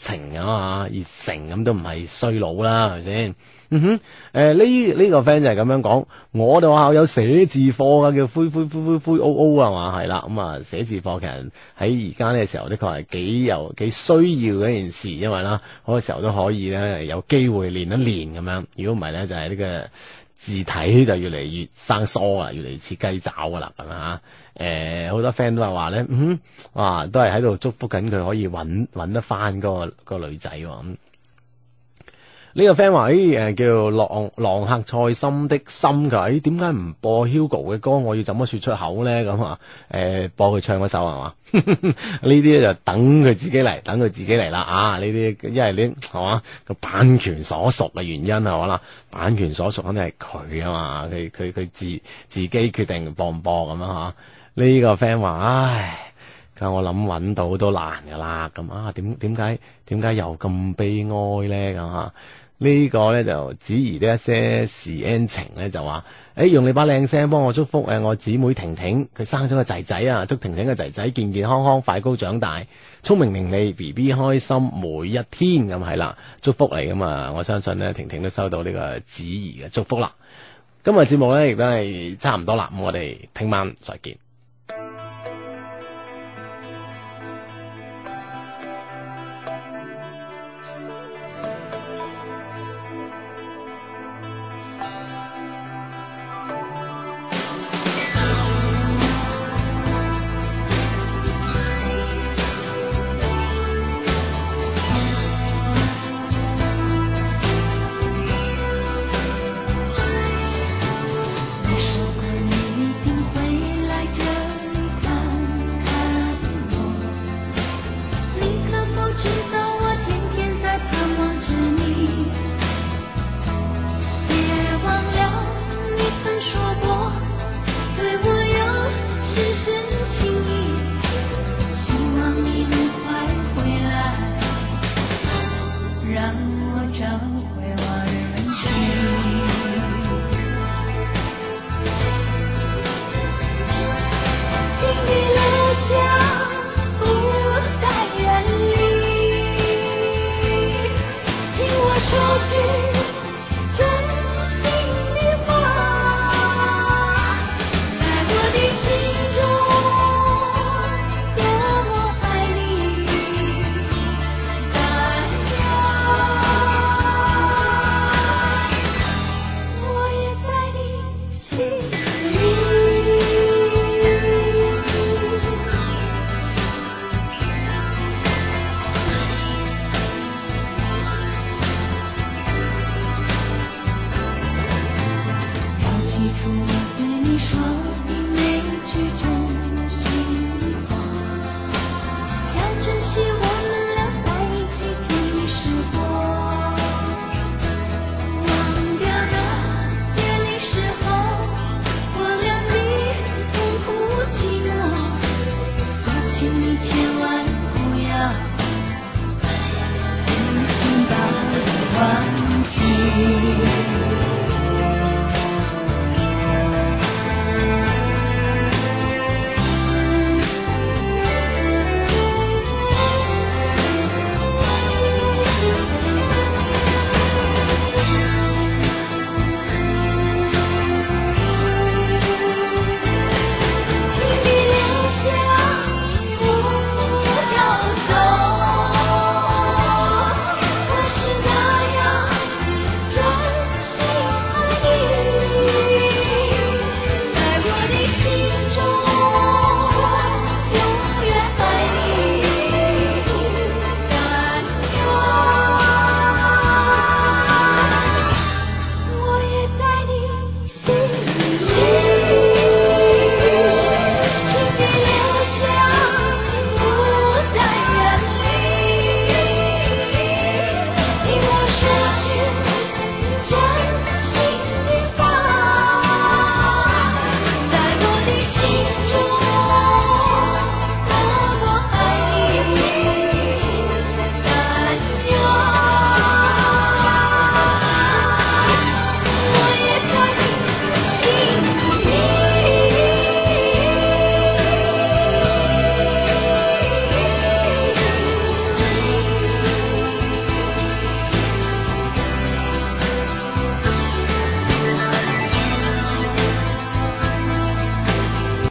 情啊嘛，熱誠咁都唔係衰佬啦，係咪先？嗯哼，誒呢呢個、這個、friend 就係咁樣講，我哋學校有寫字課啊，叫灰灰灰灰灰 O O 啊嘛，係啦，咁、嗯、啊、嗯、寫字課其實喺而家呢個時候的確係幾有幾需要嘅一件事，因為啦，好多時候都可以咧有機會練一練咁樣，如果唔係咧就係、是、呢個字體就越嚟越生疏啦，越嚟越似雞爪噶啦，係咪啊？誒，好、呃、多 friend 都係話咧，嗯，哇，都係喺度祝福緊佢可以揾揾得返嗰，那個那個女仔喎。咁呢、這個 friend 話，誒、欸，叫浪浪客菜心的心佢，點解唔播 Hugo 嘅歌？我要怎麼說出口咧？咁啊，誒、欸，播佢唱一首係嘛？呢啲咧就等佢自己嚟，等佢自己嚟啦。啊，呢啲因為呢係嘛個版權所屬嘅原因係嘛啦？版權所屬肯定係佢啊嘛，佢佢佢自自己決定播唔播咁啊。呢個 friend 話，唉，佢話我諗揾到都難噶啦，咁啊，點點解點解又咁悲哀咧？咁啊，這個、呢個咧就子怡啲，一些事一些情咧就話，誒、欸，用你把靚聲幫我祝福誒，我姊妹婷婷佢生咗個仔仔啊，祝婷婷嘅仔仔健健康康、快高長大、聰明伶俐，B B 開心每一天咁係啦，祝福嚟噶嘛，我相信咧婷婷都收到呢個子怡嘅祝福啦。今日節目咧亦都係差唔多啦，咁我哋聽晚再見。